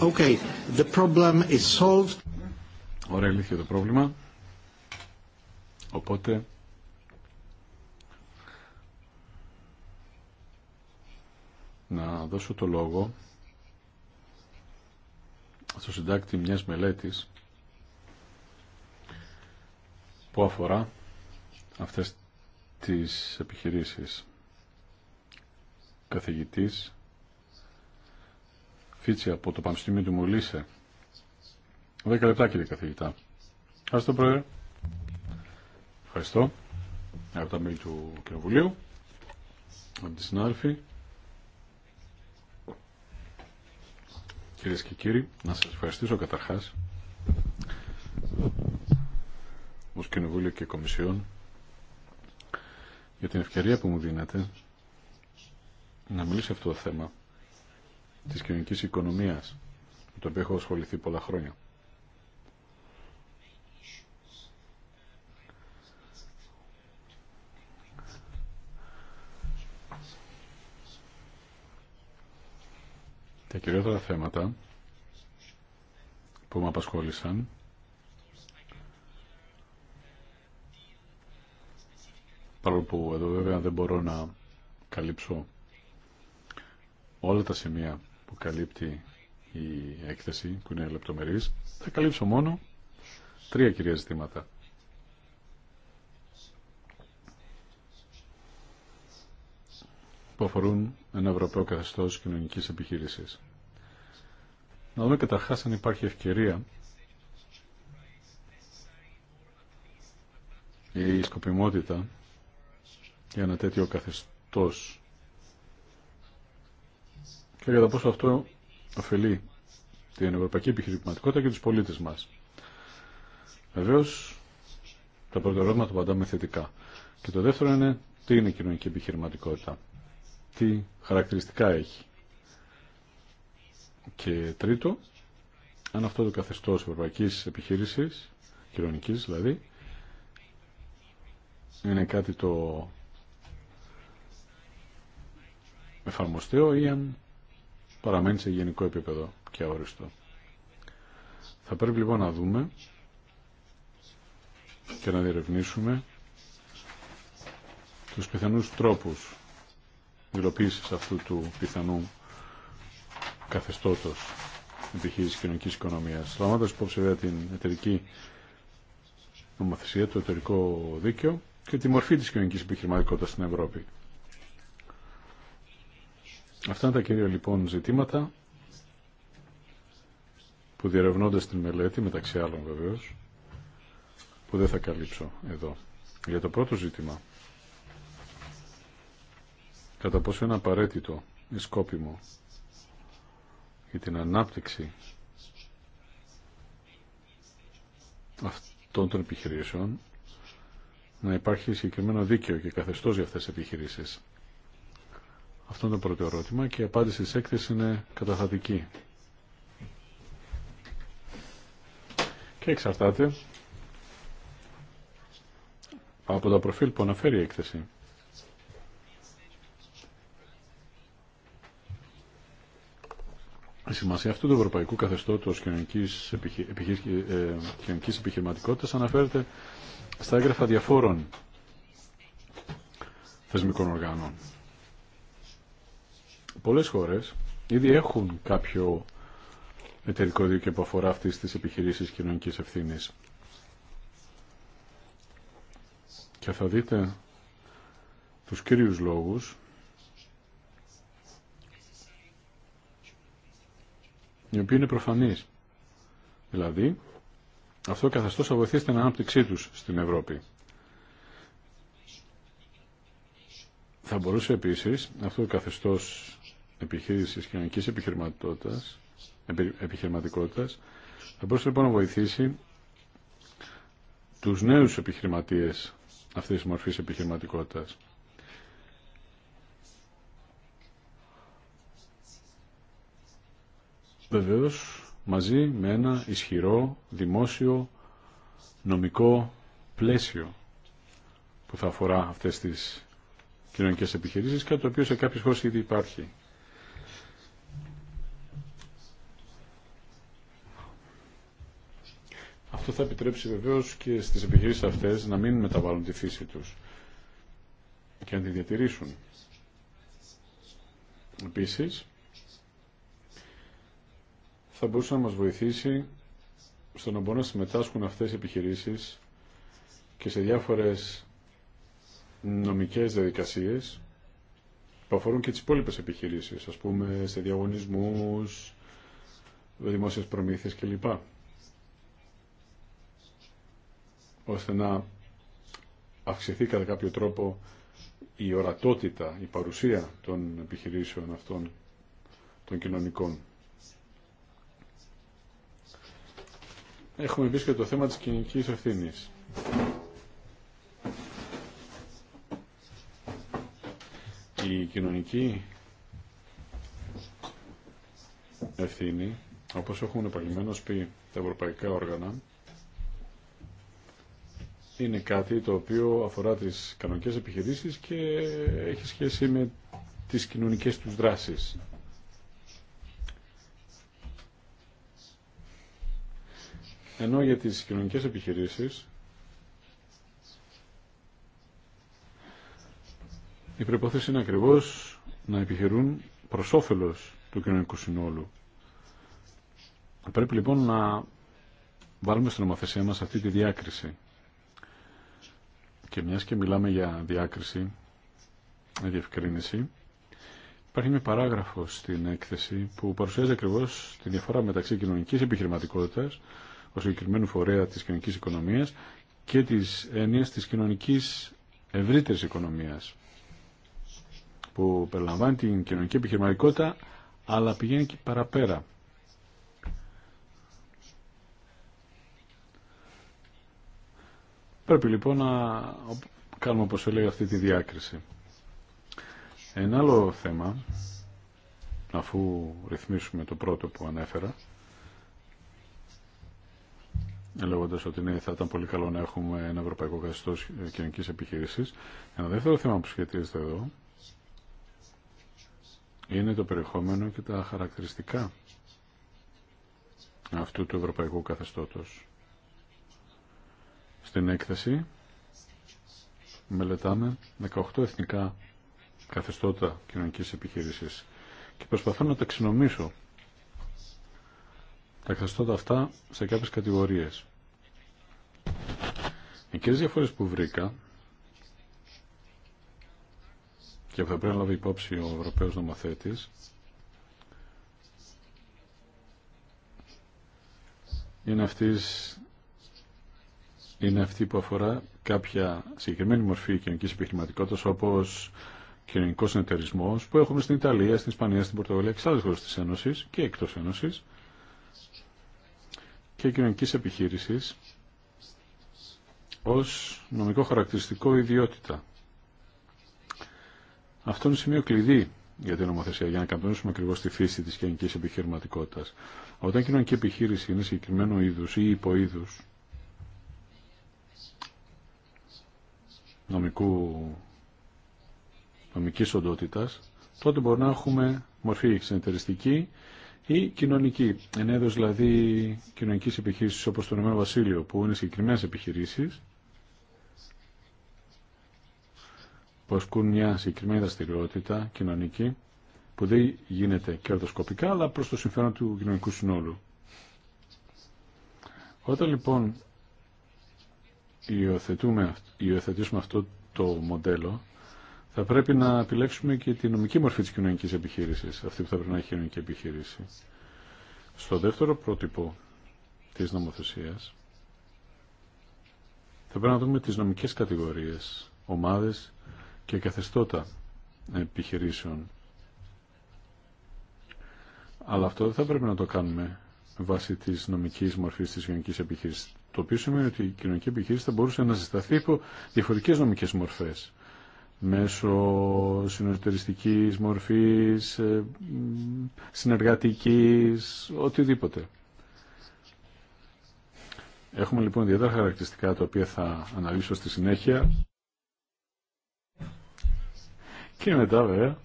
Okay, the problem is solved. Ωραία λύθηκε το πρόβλημα. Οπότε... Να δώσω το λόγο στο συντάκτη μιας μελέτης που αφορά αυτές τις επιχειρήσεις. Καθηγητής Φίτση από το Πανεπιστήμιο του Μολύσε. Δέκα λεπτά κύριε καθηγητά. Ευχαριστώ πρόεδρε. Ευχαριστώ. Από τα μέλη του Κοινοβουλίου. Από τη συνάδελφη. Κυρίες και κύριοι, να σας ευχαριστήσω καταρχάς ως Κοινοβούλιο και Κομισιόν για την ευκαιρία που μου δίνετε να μιλήσω αυτό το θέμα της κοινωνικής οικονομίας με το οποίο έχω ασχοληθεί πολλά χρόνια. Τα κυριότερα θέματα που με απασχόλησαν παρόλο που εδώ βέβαια δεν μπορώ να καλύψω όλα τα σημεία που καλύπτει η έκθεση, που είναι λεπτομερής, θα καλύψω μόνο τρία κυρία ζητήματα. που αφορούν ένα ευρωπαίο καθεστώ κοινωνική επιχείρηση. Να δούμε καταρχά αν υπάρχει ευκαιρία ή σκοπιμότητα για ένα τέτοιο καθεστώς και κατά πόσο αυτό ωφελεί την ευρωπαϊκή επιχειρηματικότητα και τους πολίτες μας. Βεβαίω, το πρώτο ερώτημα το παντάμε θετικά. Και το δεύτερο είναι τι είναι η κοινωνική επιχειρηματικότητα, τι χαρακτηριστικά έχει. Και τρίτο, αν αυτό το καθεστώς ευρωπαϊκής επιχείρησης, κοινωνικής δηλαδή, είναι κάτι το εφαρμοστέο ή αν παραμένει σε γενικό επίπεδο και αόριστο. Θα πρέπει λοιπόν να δούμε και να διερευνήσουμε τους πιθανούς τρόπους υλοποίησης αυτού του πιθανού καθεστώτος επιχείρησης κοινωνικής οικονομίας. Λαμβάνοντας υπόψη βέβαια την εταιρική νομοθεσία, το εταιρικό δίκαιο και τη μορφή της κοινωνικής επιχειρηματικότητας στην Ευρώπη. Αυτά είναι τα κυρία λοιπόν ζητήματα που διερευνώνται στην μελέτη, μεταξύ άλλων βεβαίως, που δεν θα καλύψω εδώ. Για το πρώτο ζήτημα, κατά πόσο είναι απαραίτητο ή σκόπιμο για την ανάπτυξη αυτών των επιχειρήσεων να υπάρχει συγκεκριμένο δίκαιο και καθεστώς για αυτές τις επιχειρήσεις. Αυτό είναι το πρώτο ερώτημα και η απάντηση της έκθεσης είναι καταθατική. Και εξαρτάται από τα προφίλ που αναφέρει η έκθεση. Η σημασία αυτού του ευρωπαϊκού Καθεστώτο κοινωνική επιχειρηματικότητα ε, επιχειρηματικότητας αναφέρεται στα έγγραφα διαφόρων θεσμικών οργάνων. Πολλές χώρες ήδη έχουν κάποιο εταιρικό δίκαιο που αφορά αυτής της επιχειρήσης κοινωνικής ευθύνης. Και θα δείτε τους κύριους λόγους οι οποίοι είναι προφανείς. Δηλαδή, αυτό καθεστώς θα βοηθήσει την ανάπτυξή τους στην Ευρώπη. Θα μπορούσε επίσης αυτό ο καθεστώς επιχείρησης κοινωνικής επιχειρηματικότητας, επιχειρηματικότητας θα μπορούσε λοιπόν να βοηθήσει τους νέους επιχειρηματίες αυτής της μορφής επιχειρηματικότητας. Βεβαίως, μαζί με ένα ισχυρό δημόσιο νομικό πλαίσιο που θα αφορά αυτές τις κοινωνικές επιχειρήσεις και το οποίο σε κάποιες χώρες ήδη υπάρχει. θα επιτρέψει βεβαίως και στις επιχειρήσεις αυτές να μην μεταβάλουν τη φύση τους και να τη διατηρήσουν. Επίση, θα μπορούσε να μα βοηθήσει στο να μπορούν να συμμετάσχουν αυτές οι επιχειρήσεις και σε διάφορες νομικές διαδικασίε που αφορούν και τις υπόλοιπε επιχειρήσεις, α πούμε σε διαγωνισμούς, δημόσιες προμήθειε κλπ. ώστε να αυξηθεί κατά κάποιο τρόπο η ορατότητα, η παρουσία των επιχειρήσεων αυτών των κοινωνικών. Έχουμε επίσης και το θέμα της κοινωνική ευθύνη. Η κοινωνική ευθύνη, όπως έχουν επαγγελμένως πει τα ευρωπαϊκά όργανα, είναι κάτι το οποίο αφορά τις κανονικές επιχειρήσεις και έχει σχέση με τις κοινωνικές τους δράσεις. Ενώ για τις κοινωνικές επιχειρήσεις η προϋπόθεση είναι ακριβώς να επιχειρούν προς όφελος του κοινωνικού συνόλου. Πρέπει λοιπόν να βάλουμε στην ομοθεσία μας αυτή τη διάκριση. Και μιας και μιλάμε για διάκριση, για διευκρίνηση, υπάρχει μια παράγραφο στην έκθεση που παρουσιάζει ακριβώς τη διαφορά μεταξύ κοινωνικής επιχειρηματικότητας ως συγκεκριμένου φορέα της κοινωνικής οικονομίας και της έννοιας της κοινωνικής ευρύτερης οικονομίας που περιλαμβάνει την κοινωνική επιχειρηματικότητα αλλά πηγαίνει και παραπέρα Πρέπει λοιπόν να κάνουμε όπως έλεγε, αυτή τη διάκριση. Ένα άλλο θέμα, αφού ρυθμίσουμε το πρώτο που ανέφερα, λέγοντα ότι ναι, θα ήταν πολύ καλό να έχουμε ένα ευρωπαϊκό καθεστώ κοινωνική επιχείρηση. Ένα δεύτερο θέμα που σχετίζεται εδώ είναι το περιεχόμενο και τα χαρακτηριστικά αυτού του ευρωπαϊκού καθεστώτος. Στην έκθεση μελετάμε 18 εθνικά καθεστώτα κοινωνικής επιχείρησης και προσπαθώ να τα ταξινομήσω τα καθεστώτα αυτά σε κάποιες κατηγορίες. Οι κύριες διαφορές που βρήκα και που θα πρέπει να λάβει υπόψη ο Ευρωπαίος νομοθέτης είναι αυτής είναι αυτή που αφορά κάποια συγκεκριμένη μορφή κοινωνική επιχειρηματικότητα όπω κοινωνικό συνεταιρισμό που έχουμε στην Ιταλία, στην Ισπανία, στην Πορτογαλία και σε άλλε χώρε τη Ένωση και εκτό Ένωση και κοινωνική επιχείρηση ω νομικό χαρακτηριστικό ιδιότητα. Αυτό είναι σημείο κλειδί για την νομοθεσία, για να κατανοήσουμε ακριβώ τη φύση τη κοινωνική επιχειρηματικότητα. Όταν κοινωνική επιχείρηση είναι συγκεκριμένο είδου ή υποείδου, νομικού, νομικής οντότητας, τότε μπορεί να έχουμε μορφή εξεντεριστική ή κοινωνική. Ενέδωση, δηλαδή κοινωνικής επιχείρησης όπως το Ηνωμένο Βασίλειο που είναι συγκεκριμένες επιχειρήσεις που ασκούν μια συγκεκριμένη δραστηριότητα κοινωνική που δεν γίνεται κερδοσκοπικά αλλά προς το συμφέρον του κοινωνικού συνόλου. Όταν λοιπόν υιοθετούμε, υιοθετήσουμε αυτό το μοντέλο, θα πρέπει να επιλέξουμε και τη νομική μορφή της κοινωνικής επιχείρησης, αυτή που θα πρέπει να έχει κοινωνική επιχείρηση. Στο δεύτερο πρότυπο της νομοθεσίας, θα πρέπει να δούμε τις νομικές κατηγορίες, ομάδες και καθεστώτα επιχειρήσεων. Αλλά αυτό δεν θα πρέπει να το κάνουμε βάσει της νομικής μορφής της κοινωνικής επιχείρησης. Το οποίο σημαίνει ότι η κοινωνική επιχείρηση θα μπορούσε να συσταθεί υπό διαφορετικέ νομικέ μορφέ. Μέσω συνεταιριστική μορφή, ε, συνεργατική, οτιδήποτε. Έχουμε λοιπόν ιδιαίτερα χαρακτηριστικά τα οποία θα αναλύσω στη συνέχεια. Και μετά βέβαια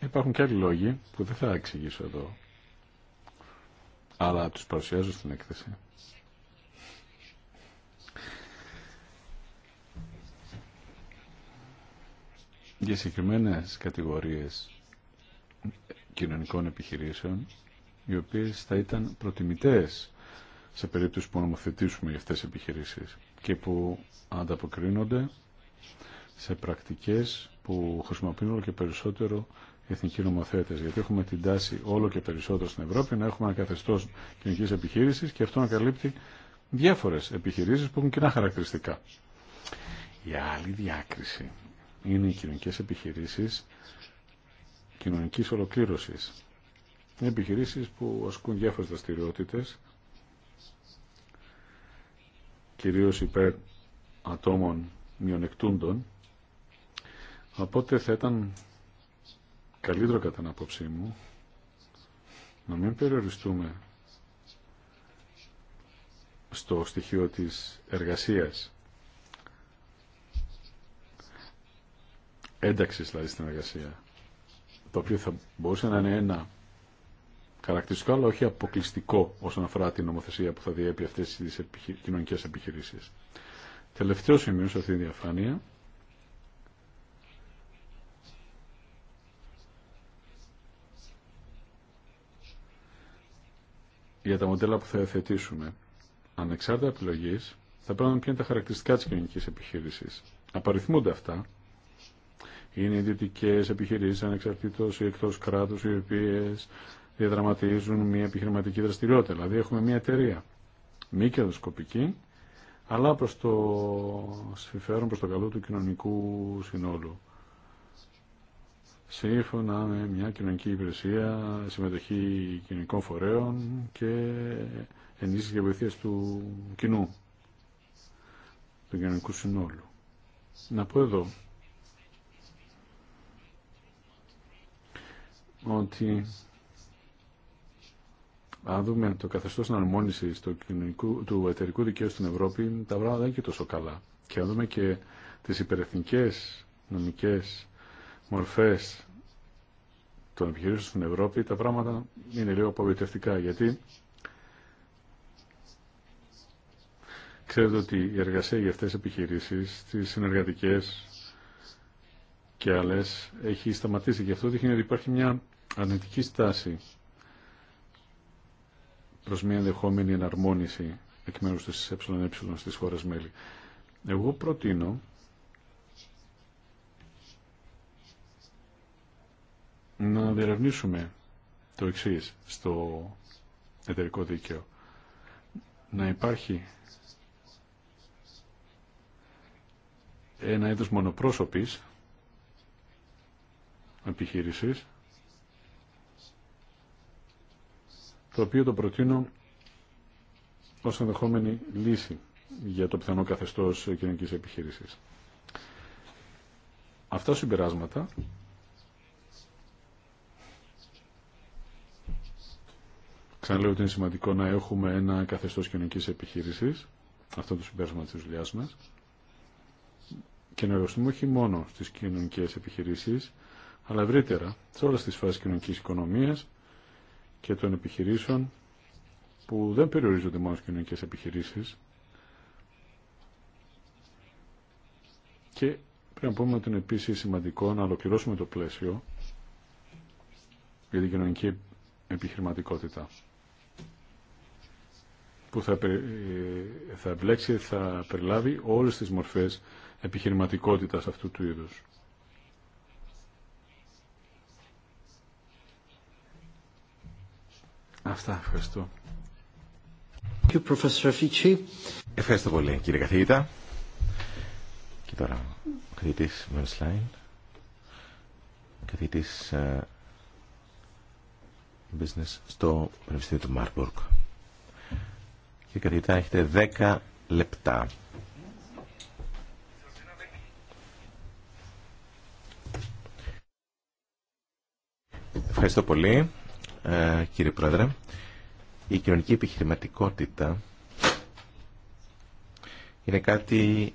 υπάρχουν και άλλοι λόγοι που δεν θα εξηγήσω εδώ. Αλλά τους παρουσιάζω στην έκθεση. για συγκεκριμένες κατηγορίες κοινωνικών επιχειρήσεων οι οποίες θα ήταν προτιμητές σε περίπτωση που νομοθετήσουμε για αυτές τις επιχειρήσεις και που ανταποκρίνονται σε πρακτικές που χρησιμοποιούν όλο και περισσότερο οι εθνικοί νομοθέτες. Γιατί έχουμε την τάση όλο και περισσότερο στην Ευρώπη να έχουμε ένα καθεστώς κοινωνικής επιχείρησης και αυτό να καλύπτει διάφορες επιχειρήσεις που έχουν κοινά χαρακτηριστικά. Η άλλη διάκριση είναι οι κοινωνικές επιχειρήσεις κοινωνικής ολοκλήρωσης. Είναι επιχειρήσεις που ασκούν διάφορες δραστηριότητε κυρίως υπέρ ατόμων μειονεκτούντων, οπότε θα ήταν καλύτερο κατά την άποψή μου να μην περιοριστούμε στο στοιχείο της εργασίας ένταξης δηλαδή στην εργασία το οποίο θα μπορούσε να είναι ένα χαρακτηριστικό αλλά όχι αποκλειστικό όσον αφορά την νομοθεσία που θα διέπει αυτέ τι κοινωνικέ επιχειρήσει. Τελευταίο σημείο σε αυτή τη διαφάνεια για τα μοντέλα που θα εθετήσουμε ανεξάρτητα επιλογή θα πρέπει να ποια είναι τα χαρακτηριστικά τη κοινωνική επιχείρηση. Απαριθμούνται αυτά είναι ιδιωτικέ επιχειρήσει ανεξαρτήτω ή εκτό κράτου, οι οποίε διαδραματίζουν μια επιχειρηματική δραστηριότητα. Δηλαδή έχουμε μια εταιρεία μη κερδοσκοπική, αλλά προ το συμφέρον, προς το καλό του κοινωνικού συνόλου. Σύμφωνα με μια κοινωνική υπηρεσία, συμμετοχή κοινωνικών φορέων και ενίσχυση και του κοινού, του κοινωνικού συνόλου. Να πω εδώ ότι αν δούμε το καθεστώς αναρμόνισης του, κοινωνικού, του εταιρικού δικαίου στην Ευρώπη, τα πράγματα δεν είναι και τόσο καλά. Και αν δούμε και τις υπερεθνικές νομικές μορφές των επιχειρήσεων στην Ευρώπη, τα πράγματα είναι λίγο απογοητευτικά, γιατί ξέρετε ότι η εργασία για αυτές τις επιχειρήσεις, τις συνεργατικές και άλλες, έχει σταματήσει. Γι' αυτό δείχνει ότι υπάρχει μια αρνητική στάση προ μια ενδεχόμενη εναρμόνιση εκ μέρου τη ΕΕ στι χώρε μέλη. Εγώ προτείνω να διερευνήσουμε το εξή στο εταιρικό δίκαιο. Να υπάρχει ένα είδος μονοπρόσωπης επιχείρησης το οποίο το προτείνω ως ενδεχόμενη λύση για το πιθανό καθεστώς κοινωνική επιχείρησης. Αυτά συμπεράσματα Ξαναλέω ότι είναι σημαντικό να έχουμε ένα καθεστώς κοινωνική επιχείρησης, αυτό το συμπέρασμα της δουλειά μας, και να εργαστούμε όχι μόνο στις κοινωνικές επιχειρήσεις, αλλά ευρύτερα σε όλες τις φάσεις κοινωνικής οικονομίας, και των επιχειρήσεων που δεν περιορίζονται μόνο στις κοινωνικές επιχειρήσεις και πρέπει να πούμε ότι είναι επίσης σημαντικό να ολοκληρώσουμε το πλαίσιο για την κοινωνική επιχειρηματικότητα που θα, θα εμπλέξει, θα περιλάβει όλες τις μορφές επιχειρηματικότητας αυτού του είδους. Αυτά. Ευχαριστώ. Ευχαριστώ πολύ κύριε καθηγήτα. Και τώρα ο καθηγητής Μερσλάιν, καθηγητής uh, business στο Πανεπιστήμιο του Μάρμπουργκ. Και καθηγητά έχετε 10 λεπτά. Ευχαριστώ πολύ. Ε, κύριε Πρόεδρε. Η κοινωνική επιχειρηματικότητα είναι κάτι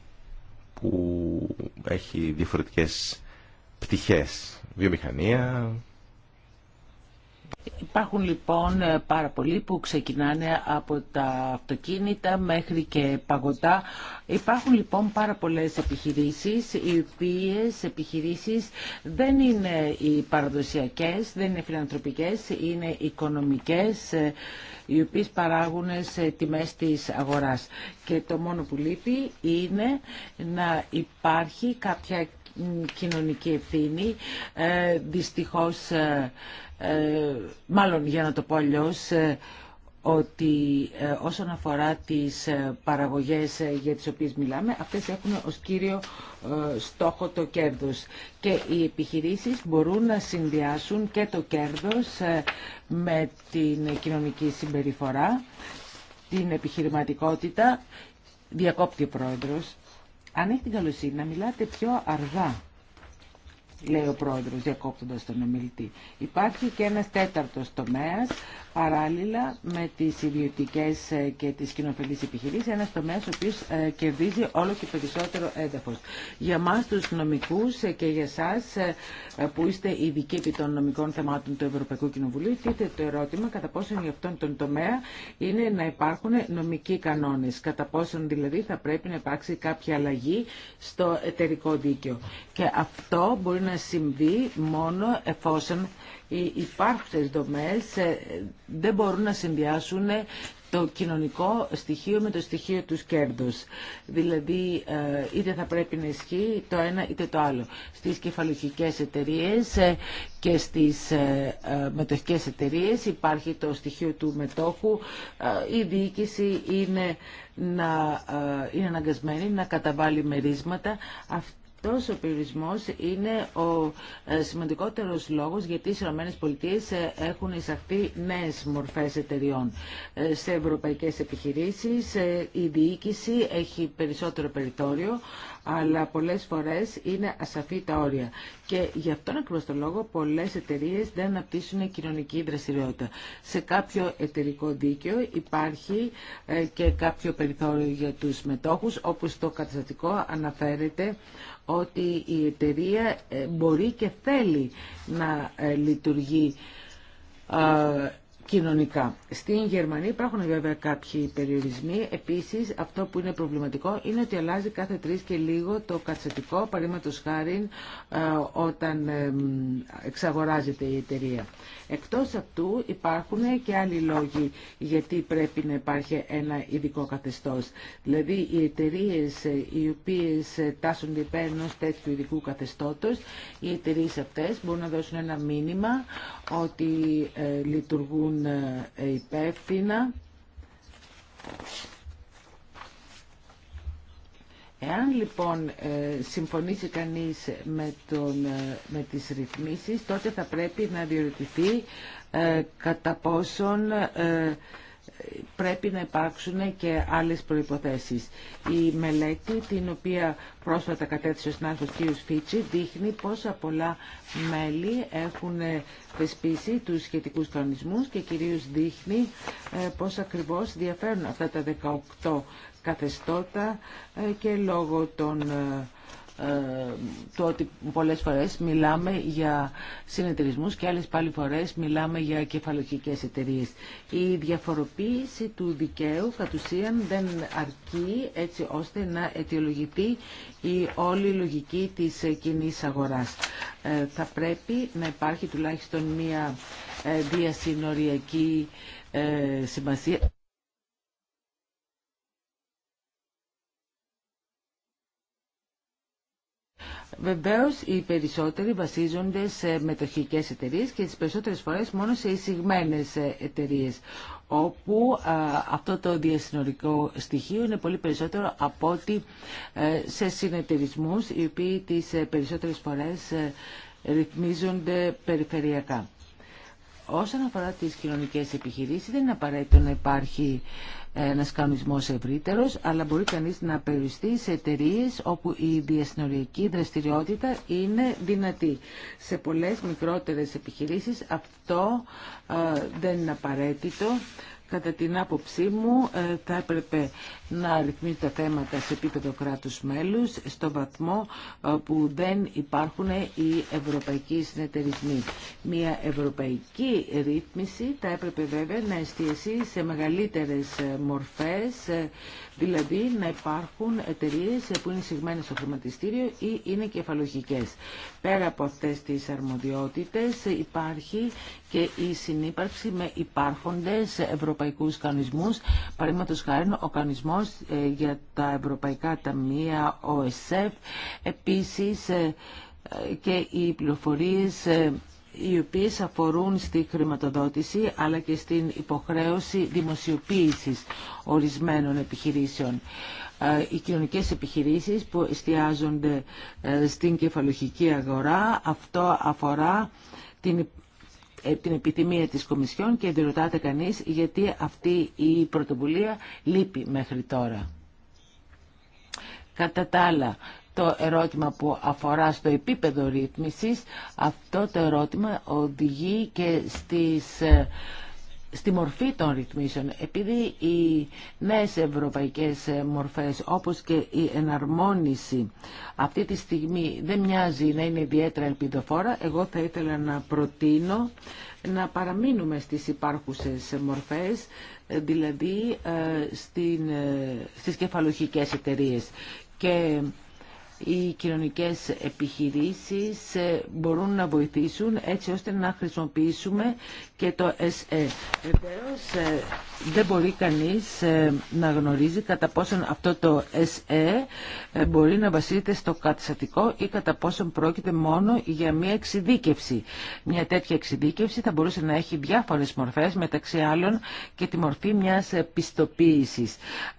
που έχει διαφορετικές πτυχές. Βιομηχανία. Υπάρχουν λοιπόν πάρα πολλοί που ξεκινάνε από τα αυτοκίνητα μέχρι και παγωτά Υπάρχουν λοιπόν πάρα πολλές επιχειρήσεις, οι οποίες επιχειρήσεις δεν είναι οι παραδοσιακές, δεν είναι φιλανθρωπικές, είναι οικονομικές, ε, οι οποίες παράγουν σε τιμές της αγοράς. Και το μόνο που λείπει είναι να υπάρχει κάποια κοινωνική ευθύνη. Ε, δυστυχώς, ε, μάλλον για να το πω αλλιώς, ότι ε, όσον αφορά τις ε, παραγωγές ε, για τις οποίες μιλάμε, αυτές έχουν ως κύριο στόχο το κέρδος. Και οι επιχειρήσεις μπορούν να συνδυάσουν και το κέρδος με την κοινωνική συμπεριφορά, την επιχειρηματικότητα. Διακόπτει ο πρόεδρος. Αν έχει την καλοσύνη να μιλάτε πιο αργά, λέει ο πρόεδρος διακόπτοντας τον ομιλητή. Υπάρχει και ένας τέταρτος τομέας παράλληλα με τις ιδιωτικές ε, και τις κοινοφελείς επιχειρήσεις, ένας τομέας ο οποίος ε, κερδίζει όλο και περισσότερο έδαφος. Για μας τους νομικούς ε, και για εσάς που είστε ειδικοί επί των νομικών θεμάτων του Ευρωπαϊκού Κοινοβουλίου, τίθεται το ερώτημα κατά πόσον για αυτόν τον τομέα είναι να υπάρχουν νομικοί κανόνες, κατά πόσον δηλαδή θα πρέπει να υπάρξει κάποια αλλαγή στο εταιρικό δίκαιο. Και αυτό μπορεί να συμβεί μόνο εφόσον οι υπάρχουσες δομές ε, δεν μπορούν να συνδυάσουν το κοινωνικό στοιχείο με το στοιχείο του κέρδους. Δηλαδή ε, είτε θα πρέπει να ισχύει το ένα είτε το άλλο. Στις κεφαλογικές εταιρείες ε, και στις μετοχικές εταιρείες υπάρχει το στοιχείο του μετόχου. Η διοίκηση είναι, να, είναι αναγκασμένη να καταβάλει μερίσματα ο περιορισμός είναι ο ε, σημαντικότερος λόγος γιατί οι ΗΠΑ ε, έχουν εισαχθεί νέες μορφές εταιριών. Ε, σε ευρωπαϊκές επιχειρήσεις η διοίκηση έχει περισσότερο περιθώριο αλλά πολλές φορές είναι ασαφή τα όρια. Και γι' αυτόν ακριβώς τον λόγο πολλές εταιρείες δεν αναπτύσσουν κοινωνική δραστηριότητα. Σε κάποιο εταιρικό δίκαιο υπάρχει και κάποιο περιθώριο για τους μετόχους, όπως το καταστατικό αναφέρεται ότι η εταιρεία ε, μπορεί και θέλει να ε, λειτουργεί ε, κοινωνικά. Στην Γερμανία υπάρχουν βέβαια κάποιοι περιορισμοί. Επίση, αυτό που είναι προβληματικό είναι ότι αλλάζει κάθε τρεις και λίγο το κατσατικό, παρήματος χάρη ε, όταν ε, εξαγοράζεται η εταιρεία. Εκτό αυτού υπάρχουν και άλλοι λόγοι γιατί πρέπει να υπάρχει ένα ειδικό καθεστώ. Δηλαδή οι εταιρείε ε, οι οποίε τάσσονται υπέρ ενό τέτοιου ειδικού καθεστώτο, οι εταιρείε αυτέ μπορούν να δώσουν ένα μήνυμα ότι λειτουργούν ε, υπεύθυνα. Εάν λοιπόν ε, συμφωνήσει κανείς με, τον, ε, με τις ρυθμίσεις, τότε θα πρέπει να διορτηθεί κατά πόσον πρέπει να υπάρξουν και άλλες προϋποθέσεις. Η μελέτη, την οποία πρόσφατα κατέθεσε ο συνάδελφος κ. Φίτσι, δείχνει πόσα πολλά μέλη έχουν θεσπίσει τους σχετικούς κανονισμούς και κυρίως δείχνει ε, πώς ακριβώς διαφέρουν αυτά τα 18 καθεστώτα ε, και λόγω των ε, ε, το ότι πολλές φορές μιλάμε για συνεταιρισμούς και άλλες πάλι φορές μιλάμε για κεφαλοκικέ εταιρείε. Η διαφοροποίηση του δικαίου κατ' ουσίαν δεν αρκεί έτσι ώστε να αιτιολογηθεί η όλη λογική της κοινή αγοράς. Ε, θα πρέπει να υπάρχει τουλάχιστον μία ε, διασυνοριακή σημασία Βεβαίω οι περισσότεροι βασίζονται σε μετοχικές εταιρείε και τι περισσότερες φορές μόνο σε εισηγμένε εταιρείε, όπου αυτό το διασυνορικό στοιχείο είναι πολύ περισσότερο από ότι ε, σε συνεταιρισμούς οι οποίοι τις ε, περισσότερες φορές ε, ρυθμίζονται περιφερειακά. Όσον αφορά τις κοινωνικές επιχειρήσεις δεν είναι απαραίτητο να υπάρχει ένας κανονισμός ευρύτερος, αλλά μπορεί κανείς να περιοριστεί σε εταιρείε όπου η διασυνοριακή δραστηριότητα είναι δυνατή. Σε πολλές μικρότερες επιχειρήσεις αυτό ε, δεν είναι απαραίτητο. Κατά την άποψή μου ε, θα έπρεπε να ρυθμίσει τα θέματα σε επίπεδο κράτους μέλους στο βαθμό ε, που δεν υπάρχουν οι ευρωπαϊκοί συνεταιρισμοί. Μια ευρωπαϊκή ρύθμιση θα έπρεπε βέβαια να εστιασεί σε μεγαλύτερες ε, μορφές Δηλαδή να υπάρχουν εταιρείε που είναι συγμένες στο χρηματιστήριο ή είναι κεφαλογικές. Πέρα από αυτές τις αρμοδιότητες υπάρχει και η συνύπαρξη με υπάρχοντες ευρωπαϊκούς κανονισμούς. Παραδείγματο χάρη ο κανονισμός ε, για τα ευρωπαϊκά ταμεία ΟΕΣΕΦ. Επίσης ε, ε, και οι πληροφορίες οι οποίες αφορούν στη χρηματοδότηση αλλά και στην υποχρέωση δημοσιοποίησης ορισμένων επιχειρήσεων. Ε, οι κοινωνικές επιχειρήσεις που εστιάζονται ε, στην κεφαλοχική αγορά, αυτό αφορά την ε, την επιθυμία της Κομισιόν και δεν ρωτάτε κανείς γιατί αυτή η πρωτοβουλία λείπει μέχρι τώρα. Κατά τα άλλα, το ερώτημα που αφορά στο επίπεδο ρύθμισης, αυτό το ερώτημα οδηγεί και στις ε, στη μορφή των ρυθμίσεων, επειδή οι νέες ευρωπαϊκές ε, μορφές όπως και η εναρμόνιση αυτή τη στιγμή δεν μοιάζει να είναι ιδιαίτερα ελπιδοφόρα, εγώ θα ήθελα να προτείνω να παραμείνουμε στις υπάρχουσες μορφές, ε, δηλαδή στην, στις κεφαλοχικές εταιρείες. Και οι κοινωνικές επιχειρήσεις ε, μπορούν να βοηθήσουν έτσι ώστε να χρησιμοποιήσουμε και το SE. Βεβαίω ε, δεν μπορεί κανείς ε, να γνωρίζει κατά πόσον αυτό το SE μπορεί να βασίζεται στο καταστατικό ή κατά πόσον πρόκειται μόνο για μια εξειδίκευση. Μια τέτοια εξειδίκευση θα μπορούσε να έχει διάφορες μορφές μεταξύ άλλων και τη μορφή μιας πιστοποίησης.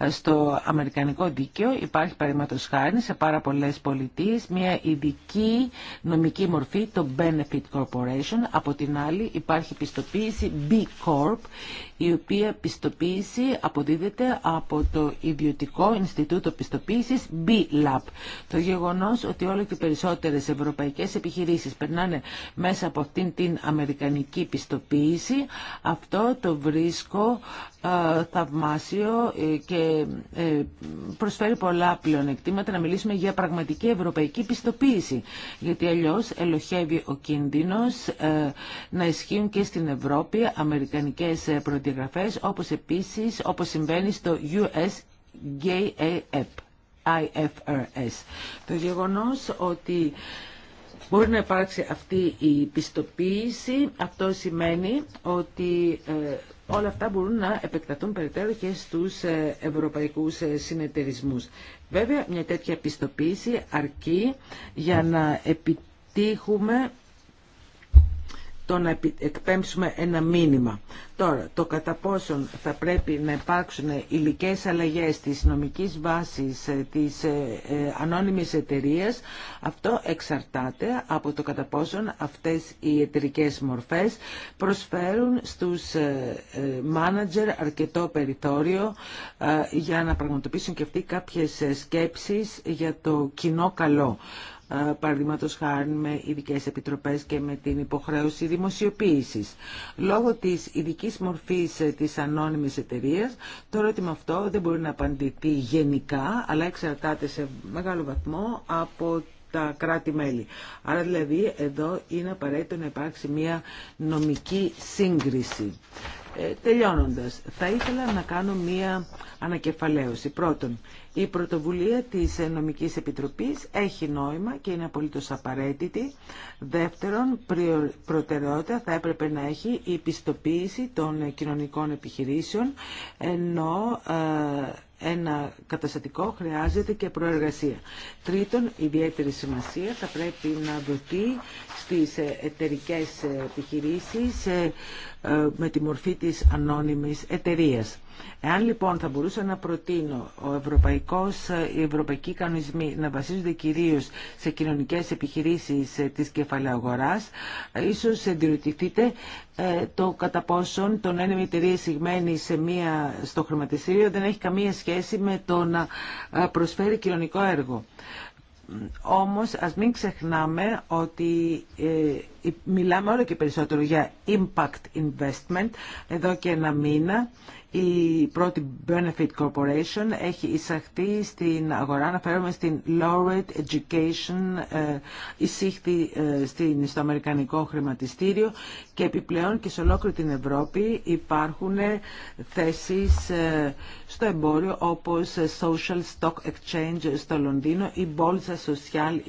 Στο Αμερικανικό Δίκαιο υπάρχει παραδείγματος χάρη σε πάρα μια ειδική νομική μορφή, το Benefit Corporation. Από την άλλη υπάρχει πιστοποίηση B Corp, η οποία πιστοποίηση αποδίδεται από το Ιδιωτικό Ινστιτούτο Πιστοποίησης B-Lab. Το γεγονός ότι όλο και περισσότερες ευρωπαϊκές επιχειρήσεις περνάνε μέσα από αυτήν την αμερικανική πιστοποίηση, αυτό το βρίσκω ε, θαυμάσιο ε, και ε, προσφέρει πολλά πλεονεκτήματα να μιλήσουμε για πραγματική ευρωπαϊκή πιστοποίηση. Γιατί αλλιώς ελοχεύει ο κίνδυνος να ισχύουν και στην Ευρώπη αμερικανικές προτεραιότητες Όπω όπως επίσης όπως συμβαίνει στο US IFRS. Το γεγονός ότι μπορεί να υπάρξει αυτή η πιστοποίηση, αυτό σημαίνει ότι ε, όλα αυτά μπορούν να επεκταθούν περαιτέρω και στους ε, ευρωπαϊκούς ε, συνεταιρισμούς. Βέβαια, μια τέτοια πιστοποίηση αρκεί για να επιτύχουμε το να εκπέμψουμε ένα μήνυμα. Τώρα, το κατά πόσον θα πρέπει να υπάρξουν υλικέ αλλαγές της νομικής βάσης ε, της ε, ε, ανώνυμης εταιρεία, αυτό εξαρτάται από το κατά πόσον αυτές οι εταιρικέ μορφές προσφέρουν στους μάνατζερ αρκετό περιθώριο για να πραγματοποιήσουν και αυτοί κάποιες σκέψεις για το κοινό καλό. Ε, παραδείγματο χάρη με ειδικέ επιτροπές και με την υποχρέωση δημοσιοποίησης. Λόγω της ειδική μορφής ε, της ανώνυμης εταιρεία, το ερώτημα αυτό δεν μπορεί να απαντηθεί γενικά, αλλά εξαρτάται σε μεγάλο βαθμό από τα κράτη-μέλη. Άρα δηλαδή εδώ είναι απαραίτητο να υπάρξει μια νομική σύγκριση. Ε, τελειώνοντας, θα ήθελα να κάνω μια ανακεφαλαίωση. Πρώτον, η πρωτοβουλία της Νομικής Επιτροπής έχει νόημα και είναι απολύτως απαραίτητη. Δεύτερον, προτεραιότητα θα έπρεπε να έχει η πιστοποίηση των κοινωνικών επιχειρήσεων, ενώ ε, ένα καταστατικό χρειάζεται και προεργασία. Τρίτον, ιδιαίτερη σημασία θα πρέπει να δοθεί στις εταιρικές επιχειρήσεις ε, ε, με τη μορφή της ανώνυμης εταιρείας. Εάν λοιπόν θα μπορούσα να προτείνω ο ευρωπαϊκός, οι ευρωπαϊκοί κανονισμοί να βασίζονται κυρίως σε κοινωνικές επιχειρήσεις ε, της κεφαλαίου ε, ίσως εντυρωτηθείτε ε, το κατά πόσον το να είναι εταιρεία εισηγμένη σε μία, στο χρηματιστήριο δεν έχει καμία σχέση με το να προσφέρει κοινωνικό έργο. Όμως ας μην ξεχνάμε ότι μιλάμε όλο και περισσότερο για impact investment εδώ και ένα μήνα η πρώτη Benefit Corporation έχει εισαχθεί στην αγορά, αναφέρομαι στην Laureate Education, ε, εισήχθη ε, στο Αμερικανικό Χρηματιστήριο και επιπλέον και σε ολόκληρη την Ευρώπη υπάρχουν θέσεις ε, στο εμπόριο όπως Social Stock Exchange στο Λονδίνο ή Bolsa Social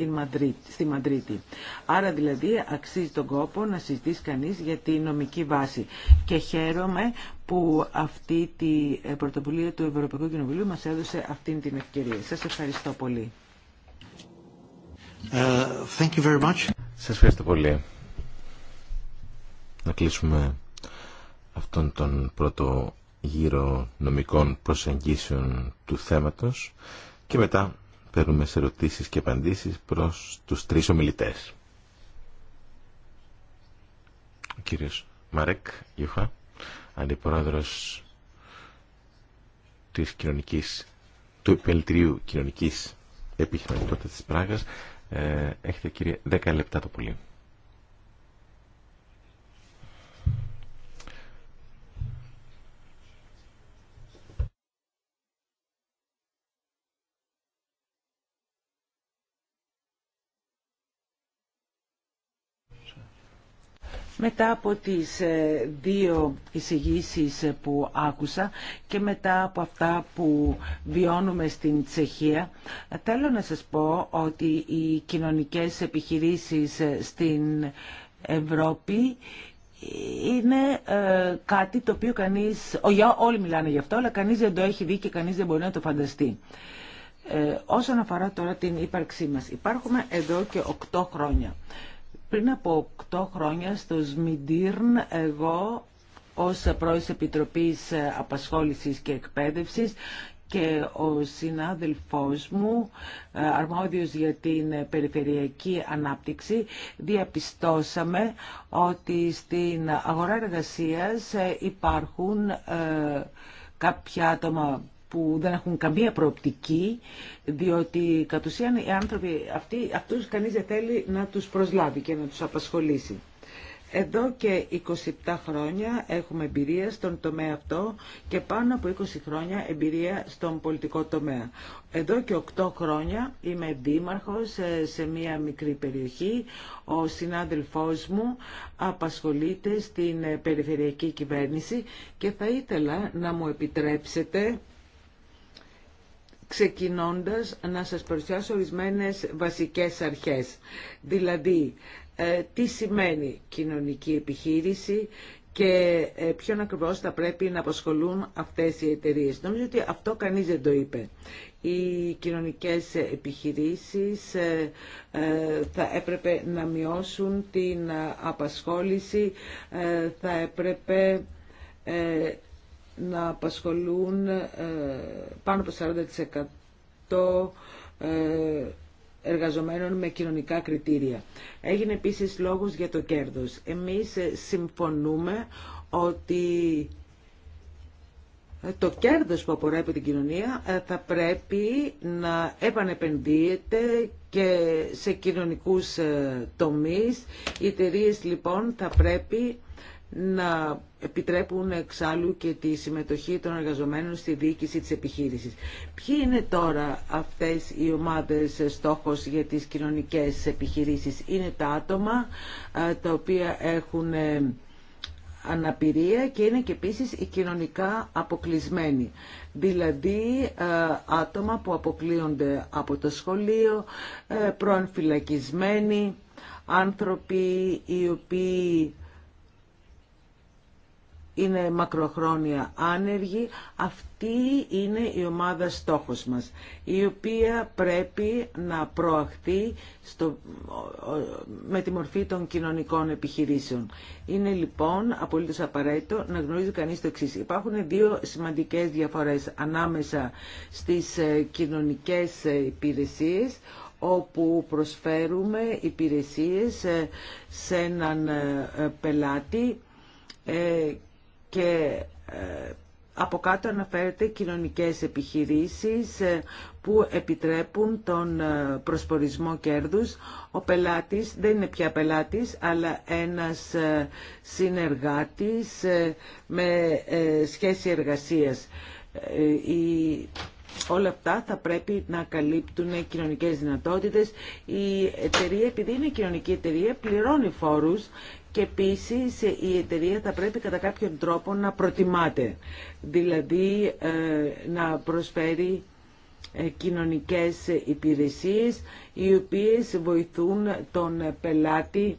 στη Μαδρίτη. Άρα δηλαδή αξίζει τον κόπο να συζητήσει κανείς για τη νομική βάση. Και χαίρομαι που αυτή τη ε, πρωτοβουλία του Ευρωπαϊκού Κοινοβουλίου μας έδωσε αυτή την ευκαιρία. Σας ευχαριστώ πολύ. Uh, thank you very much. Σας ευχαριστώ πολύ. Να κλείσουμε αυτόν τον πρώτο γύρω νομικών προσεγγίσεων του θέματος και μετά παίρνουμε σε ερωτήσεις και απαντήσεις προς τους τρεις ομιλητές. Ο κύριος Μαρέκ Ιούχα, αντιπρόεδρος της κοινωνικής, του Επιμελητηρίου Κοινωνικής Επιχειρηματικότητας της Πράγας. Ε, έχετε κύριε 10 λεπτά το πολύ. Μετά από τις ε, δύο εισηγήσει ε, που άκουσα και μετά από αυτά που βιώνουμε στην Τσεχία, θέλω να σας πω ότι οι κοινωνικές επιχειρήσεις ε, στην Ευρώπη είναι κάτι το οποίο κανείς, όλοι μιλάνε γι' αυτό, αλλά κανείς δεν το έχει δει και κανείς δεν μπορεί να το φανταστεί. όσον αφορά τώρα την ύπαρξή μας, υπάρχουμε εδώ και 8 χρόνια. Πριν από 8 χρόνια στο Σμιντήρν εγώ ως πρόεδρος Επιτροπής Απασχόλησης και Εκπαίδευσης και ο συνάδελφός μου, ε, αρμόδιος για την περιφερειακή ανάπτυξη, διαπιστώσαμε ότι στην αγορά εργασίας ε, υπάρχουν ε, κάποια άτομα που δεν έχουν καμία προοπτική, διότι κατ' ουσίαν οι άνθρωποι αυτοί, αυτούς κανείς δεν θέλει να τους προσλάβει και να τους απασχολήσει. Εδώ και 27 χρόνια έχουμε εμπειρία στον τομέα αυτό και πάνω από 20 χρόνια εμπειρία στον πολιτικό τομέα. Εδώ και 8 χρόνια είμαι δήμαρχος ε, σε μία μικρή περιοχή. Ο συνάδελφός μου απασχολείται στην ε, περιφερειακή κυβέρνηση και θα ήθελα να μου επιτρέψετε ξεκινώντας να σας παρουσιάσω ορισμένες βασικές αρχές. Δηλαδή, ε, τι σημαίνει κοινωνική επιχείρηση και ε, ποιον ακριβώς θα πρέπει να απασχολούν αυτές οι εταιρείες. Νομίζω ότι αυτό κανείς δεν το είπε. Οι κοινωνικές επιχειρήσεις ε, θα έπρεπε να μειώσουν την απασχόληση, θα έπρεπε να απασχολούν ε, πάνω από 40% ε, εργαζομένων με κοινωνικά κριτήρια. Έγινε επίσης λόγος για το κέρδος. Εμείς ε, συμφωνούμε ότι το κέρδος που απορρέπει την κοινωνία θα πρέπει να επανεπενδύεται και σε κοινωνικούς τομείς. Οι εταιρείε λοιπόν θα πρέπει να επιτρέπουν εξάλλου και τη συμμετοχή των εργαζομένων στη διοίκηση της επιχείρησης. Ποιοι είναι τώρα αυτές οι ομάδες στόχος για τις κοινωνικές επιχειρήσεις. Είναι τα άτομα τα οποία έχουν ε, αναπηρία και είναι και επίσης οι κοινωνικά αποκλεισμένοι. Δηλαδή ε, άτομα που αποκλείονται από το σχολείο, ε, προανφυλακισμένοι, άνθρωποι οι οποίοι είναι μακροχρόνια άνεργοι. Αυτή είναι η ομάδα στόχος μας, η οποία πρέπει να προαχθεί στο, με τη μορφή των κοινωνικών επιχειρήσεων. Είναι λοιπόν απολύτως απαραίτητο να γνωρίζει κανείς το εξή. Υπάρχουν δύο σημαντικές διαφορές ανάμεσα στις ε, κοινωνικές ε, υπηρεσίες, όπου προσφέρουμε υπηρεσίες ε, σε έναν πελάτη και ε, από κάτω αναφέρεται κοινωνικές επιχειρήσεις ε, που επιτρέπουν τον ε, προσπορισμό κέρδους. Ο πελάτης δεν είναι πια πελάτης, αλλά ένας συνεργάτης με σχέση εργασίας. Όλα αυτά θα πρέπει να καλύπτουν κοινωνικές δυνατότητες. Η εταιρεία, επειδή είναι κοινωνική εταιρεία, πληρώνει φόρους και επίση η εταιρεία θα πρέπει κατά κάποιον τρόπο να προτιμάται, δηλαδή ε, να προσφέρει ε, κοινωνικές υπηρεσίες οι οποίες βοηθούν τον πελάτη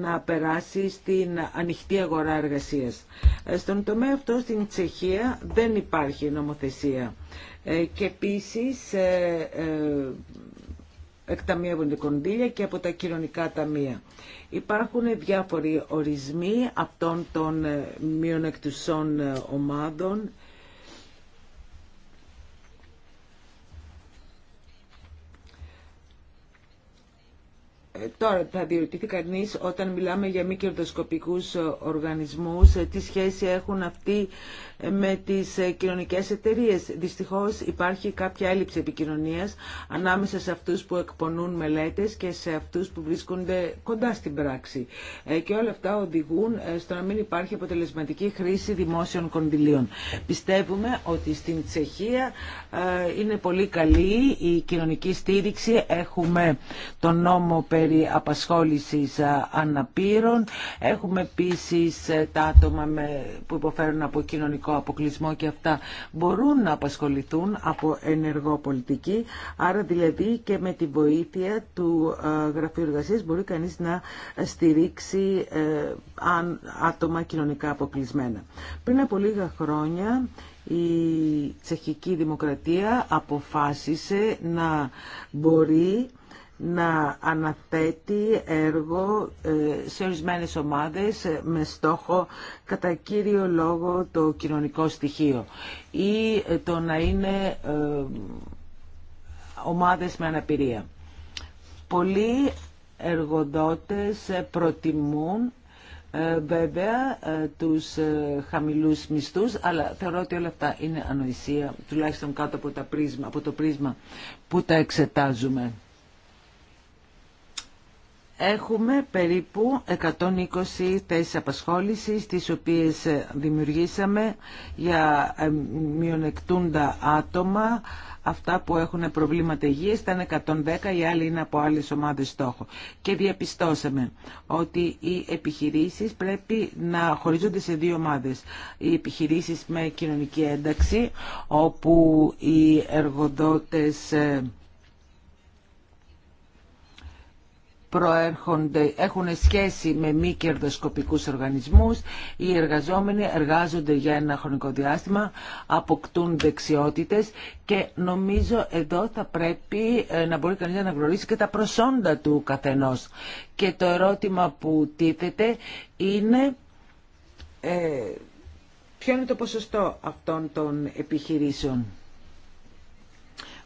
να περάσει στην ανοιχτή αγορά εργασίας. Ε, στον τομέα αυτό στην Τσεχία δεν υπάρχει νομοθεσία και επίσης εκταμείευονται κονδύλια και από τα κοινωνικά ταμεία. Υπάρχουν διάφοροι ορισμοί αυτών των ε, μειονεκτουσών ε, ομάδων. Ε, τώρα θα διερωτηθεί όταν μιλάμε για μη κερδοσκοπικούς οργανισμούς, τι σχέση έχουν αυτοί με τις ε, κοινωνικές εταιρείες. Δυστυχώς υπάρχει κάποια έλλειψη επικοινωνίας ανάμεσα σε αυτούς που εκπονούν μελέτες και σε αυτούς που βρίσκονται κοντά στην πράξη. Ε, και όλα αυτά οδηγούν ε, στο να μην υπάρχει αποτελεσματική χρήση δημόσιων κονδυλίων. Πιστεύουμε ότι στην Τσεχία είναι πολύ καλή η κοινωνική στήριξη. Έχουμε τον νόμο περί απασχόλησης αναπήρων. Έχουμε επίση τα άτομα που υποφέρουν από κοινωνικό οικονομικό αποκλεισμό και αυτά μπορούν να απασχοληθούν από ενεργό πολιτική. Άρα δηλαδή και με τη βοήθεια του ε, Γραφείου εργασία μπορεί κανεί να στηρίξει ε, άτομα κοινωνικά αποκλεισμένα. Πριν από λίγα χρόνια η τσεχική δημοκρατία αποφάσισε να μπορεί να αναθέτει έργο ε, σε ορισμένες ομάδες ε, με στόχο κατά κύριο λόγο το κοινωνικό στοιχείο ή ε, το να είναι ομάδες με αναπηρία. Πολλοί εργοδότες προτιμούν βέβαια τους χαμηλούς μισθούς αλλά θεωρώ ότι όλα αυτά είναι ανοησία τουλάχιστον κάτω από, τα πρίσμα, από το πρίσμα που τα εξετάζουμε. Έχουμε περίπου 120 θέσεις απασχόλησης, τις οποίες δημιουργήσαμε για ε, μειονεκτούντα άτομα, αυτά που έχουν προβλήματα υγείας, ήταν 110, οι άλλοι είναι από άλλες ομάδες στόχο. Και διαπιστώσαμε ότι οι επιχειρήσεις πρέπει να χωρίζονται σε δύο ομάδες. Οι επιχειρήσεις με κοινωνική ένταξη, όπου οι εργοδότες ε, προέρχονται, έχουν σχέση με μη κερδοσκοπικούς οργανισμούς. Οι εργαζόμενοι εργάζονται για ένα χρονικό διάστημα, αποκτούν δεξιότητες και νομίζω εδώ θα πρέπει ε, να μπορεί κανείς να γνωρίσει και τα προσόντα του καθενός. Και το ερώτημα που τίθεται είναι... Ε, ποιο είναι το ποσοστό αυτών των επιχειρήσεων.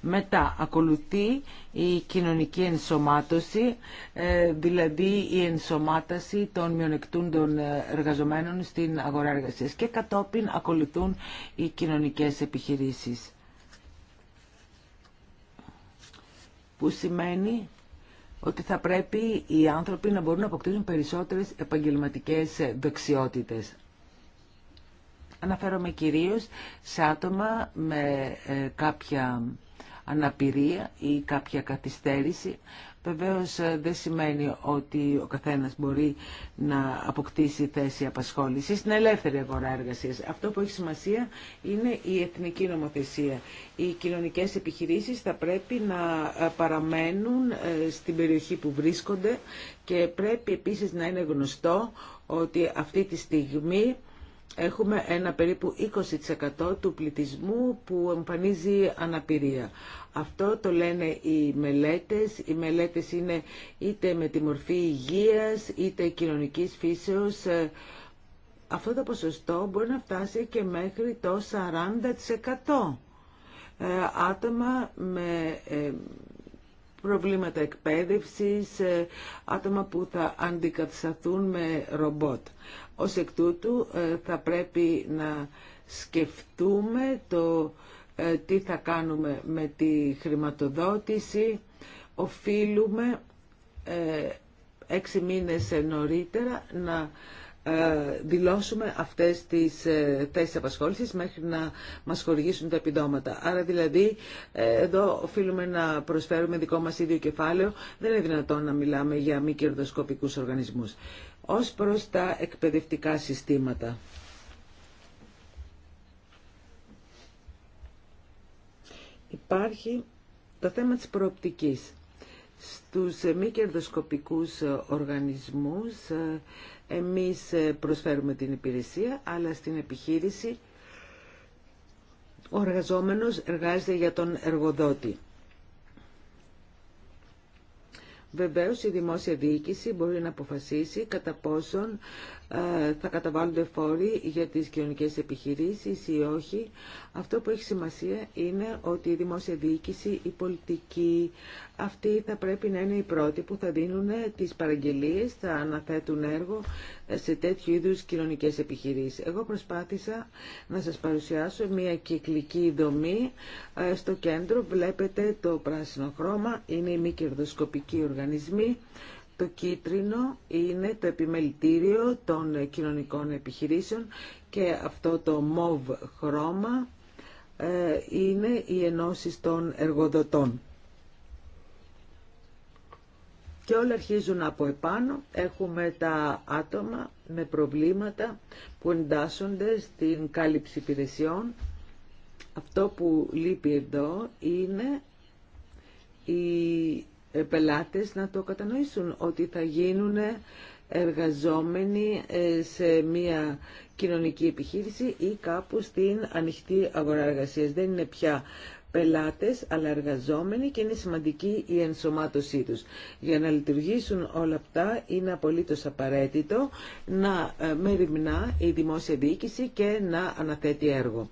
Μετά ακολουθεί η κοινωνική ενσωμάτωση, ε, δηλαδή η ενσωμάταση των μειονεκτούντων ε, εργαζομένων στην αγορά εργασίας και κατόπιν ακολουθούν οι κοινωνικές επιχειρήσεις. Που σημαίνει ότι θα πρέπει οι άνθρωποι να μπορούν να αποκτήσουν περισσότερες επαγγελματικές δεξιότητες. Αναφέρομαι κυρίως σε άτομα με ε, κάποια αναπηρία ή κάποια καθυστέρηση. Βεβαίως ε, δεν σημαίνει ότι ο καθένας μπορεί να αποκτήσει θέση απασχόλησης στην ελεύθερη αγορά εργασίας. Αυτό που έχει σημασία είναι η εθνική νομοθεσία. Οι κοινωνικές επιχειρήσεις θα πρέπει να αποκτησει θεση απασχοληση στην περιοχή που βρίσκονται και πρέπει επίσης να είναι γνωστό ότι αυτή τη στιγμή έχουμε ένα περίπου 20% του πληθυσμού που εμφανίζει αναπηρία. Αυτό το λένε οι μελέτες. Οι μελέτες είναι είτε με τη μορφή υγείας είτε κοινωνικής φύσεως. Ε, αυτό το ποσοστό μπορεί να φτάσει και μέχρι το 40%. Ε, άτομα με ε, προβλήματα εκπαίδευσης, άτομα που θα αντικατασταθούν με ρομπότ. Ως εκ τούτου θα πρέπει να σκεφτούμε το ε, τι θα κάνουμε με τη χρηματοδότηση. Οφείλουμε ε, έξι μήνες νωρίτερα να ε, δηλώσουμε αυτές τις θέσεις απασχόλησης μέχρι να μας χορηγήσουν τα επιδόματα. Άρα δηλαδή εδώ οφείλουμε να προσφέρουμε δικό μας ίδιο κεφάλαιο. Δεν είναι δυνατόν να μιλάμε για μη κερδοσκοπικούς οργανισμούς. Ως προς τα εκπαιδευτικά συστήματα. Υπάρχει το θέμα της προοπτικής. Στους ε, μη κερδοσκοπικούς ε, οργανισμούς ε, εμείς προσφέρουμε την υπηρεσία, αλλά στην επιχείρηση ο εργαζόμενος εργάζεται για τον εργοδότη. Βεβαίω η δημόσια διοίκηση μπορεί να αποφασίσει κατά πόσον ε, θα καταβάλλονται φόροι για τις κοινωνικές επιχειρήσεις ή όχι. Αυτό που έχει σημασία είναι ότι η δημόσια διοίκηση, η πολιτική, αυτοί θα πρέπει να είναι οι πρώτοι που θα δίνουν τις παραγγελίες, θα αναθέτουν έργο σε τέτοιου είδους κοινωνικές επιχειρήσεις. Εγώ προσπάθησα να σας παρουσιάσω μια κυκλική δομή. Ε, στο κέντρο βλέπετε το πράσινο χρώμα, είναι οι μη κερδοσκοπικοί οργανισμοί. Το κίτρινο είναι το επιμελητήριο των κοινωνικών επιχειρήσεων και αυτό το μοβ χρώμα ε, είναι οι ενώσεις των εργοδοτών και όλα αρχίζουν από επάνω. Έχουμε τα άτομα με προβλήματα που εντάσσονται στην κάλυψη υπηρεσιών. Αυτό που λείπει εδώ είναι οι πελάτες να το κατανοήσουν ότι θα γίνουν εργαζόμενοι ε, σε μια κοινωνική επιχείρηση ή κάπου στην ανοιχτή αγορά εργασίας. Δεν είναι πια πελάτες αλλά εργαζόμενοι και είναι σημαντική η ενσωμάτωσή τους. Για να λειτουργήσουν όλα αυτά είναι απολύτως απαραίτητο να ε, μεριμνά η δημόσια διοίκηση και να αναθέτει έργο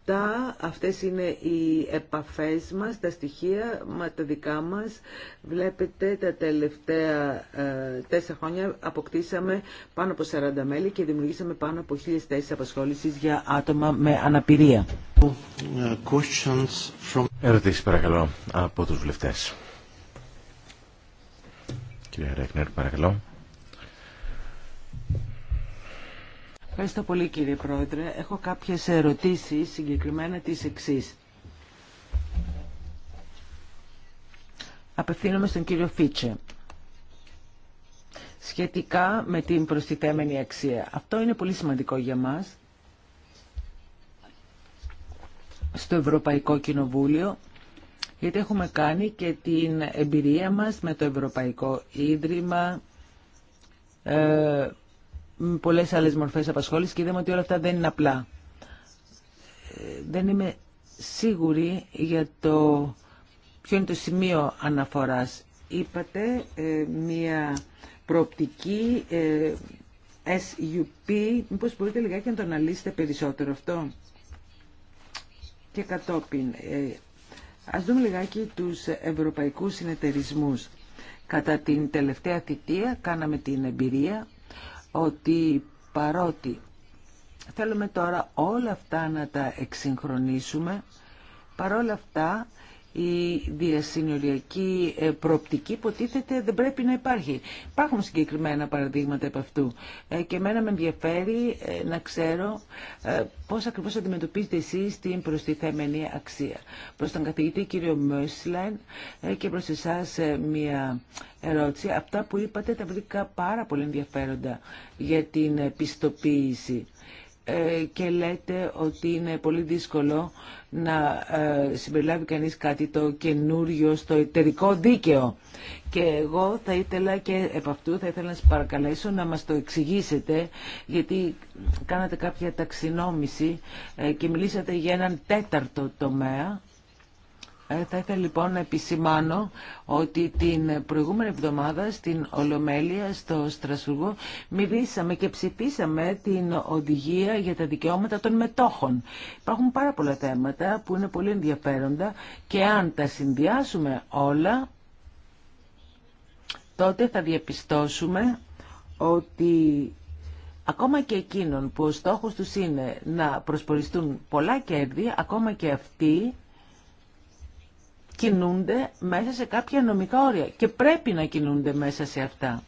αυτά, αυτές είναι οι επαφές μας, τα στοιχεία, μα, τα δικά μας. Βλέπετε τα τελευταία ε, τέσσερα χρόνια αποκτήσαμε πάνω από 40 μέλη και δημιουργήσαμε πάνω από 1.000 θέσεις απασχόλησης για άτομα με αναπηρία. Ερωτήσεις παρακαλώ από τους βουλευτές. Κύριε Ρέκνερ, παρακαλώ. Ευχαριστώ πολύ κύριε Πρόεδρε. Έχω κάποιες ερωτήσεις συγκεκριμένα τις εξή. Απευθύνομαι στον κύριο Φίτσε σχετικά με την προστιθέμενη αξία. Αυτό είναι πολύ σημαντικό για μας στο Ευρωπαϊκό Κοινοβούλιο γιατί έχουμε κάνει και την εμπειρία μας με το Ευρωπαϊκό Ίδρυμα ε, Πολλέ άλλε μορφέ απασχόληση και είδαμε ότι όλα αυτά δεν είναι απλά. Ε, δεν είμαι σίγουρη για το ποιο είναι το σημείο αναφοράς. Είπατε ε, μια προοπτική ε, SUP, μήπως μπορείτε λιγάκι να το αναλύσετε περισσότερο αυτό. Και κατόπιν, ε, ας δούμε λιγάκι τους ευρωπαϊκούς συνεταιρισμού. Κατά την τελευταία θητεία κάναμε την εμπειρία ότι παρότι θέλουμε τώρα όλα αυτά να τα εξυγχρονίσουμε, παρόλα αυτά η διασυνοριακή ε, προοπτική υποτίθεται δεν πρέπει να υπάρχει. Υπάρχουν συγκεκριμένα παραδείγματα από αυτού ε, και εμένα με ενδιαφέρει ε, να ξέρω πώς ακριβώς αντιμετωπίζετε εσείς την προστιθέμενη αξία. Προς τον καθηγητή κύριο Μέσλεν και προς εσάς μια ερώτηση. Αυτά που είπατε τα βρήκα πάρα πολύ ενδιαφέροντα για την πιστοποίηση. Ε, και λέτε ότι είναι πολύ δύσκολο να ε, συμπεριλάβει κανείς κάτι το καινούριο στο εταιρικό δίκαιο. Και εγώ θα ήθελα και επ' αυτού θα ήθελα να σας παρακαλέσω να μας το εξηγήσετε γιατί κάνατε κάποια ταξινόμηση ε, και μιλήσατε για έναν τέταρτο τομέα ε, θα ήθελα λοιπόν να επισημάνω ότι την προηγούμενη εβδομάδα στην Ολομέλεια στο Στρασβούργο μιλήσαμε και ψηφίσαμε την οδηγία για τα δικαιώματα των μετόχων. Υπάρχουν πάρα πολλά θέματα που είναι πολύ ενδιαφέροντα και αν τα συνδυάσουμε όλα τότε θα διαπιστώσουμε ότι ακόμα και εκείνων που ο στόχος τους είναι να προσποριστούν πολλά κέρδη, ακόμα και αυτοί κινούνται μέσα σε κάποια νομικά όρια και πρέπει να κινούνται μέσα σε αυτά.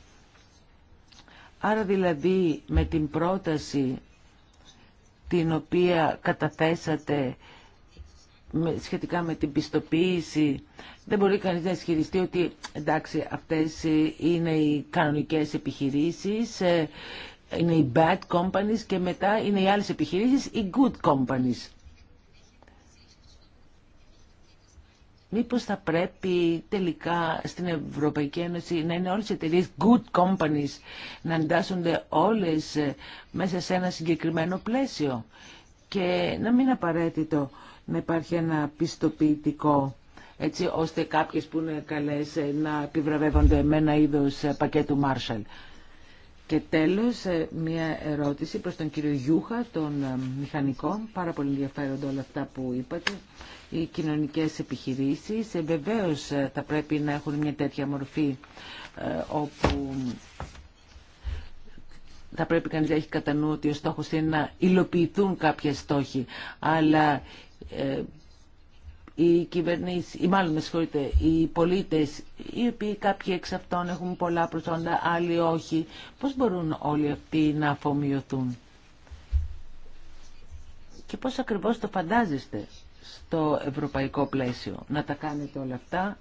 Άρα δηλαδή με την πρόταση την οποία καταθέσατε σχετικά με την πιστοποίηση δεν μπορεί κανείς να ισχυριστεί ότι εντάξει αυτές είναι οι κανονικές επιχειρήσεις ε, είναι οι bad companies και μετά είναι οι άλλες επιχειρήσεις οι good companies. Μήπως θα πρέπει τελικά στην Ευρωπαϊκή Ένωση να είναι όλες οι εταιρείε good companies, να εντάσσονται όλες ε, μέσα σε ένα συγκεκριμένο πλαίσιο και να μην απαραίτητο να υπάρχει ένα πιστοποιητικό έτσι ώστε κάποιες που είναι καλές ε, να επιβραβεύονται με ένα είδος ε, πακέτου Marshall. Και τέλος, ε, μια ερώτηση προς τον κύριο Γιούχα, των ε, μηχανικών. Πάρα πολύ ενδιαφέροντα όλα αυτά που είπατε. Οι κοινωνικές επιχειρήσεις ε, βεβαίως θα πρέπει να έχουν μια τέτοια μορφή όπου θα πρέπει κανείς να έχει κατά νου ότι ο στόχος είναι να υλοποιηθούν κάποια στόχοι. Αλλά οι κυβερνήσεις, ή μάλλον με οι πολίτες, οι οποίοι κάποιοι εξ αυτών έχουν πολλά προσόντα, άλλοι όχι, πώς μπορούν όλοι αυτοί να αφομοιωθούν. Και πώς ακριβώς το φαντάζεστε στο ευρωπαϊκό πλαίσιο να τα κάνετε όλα αυτά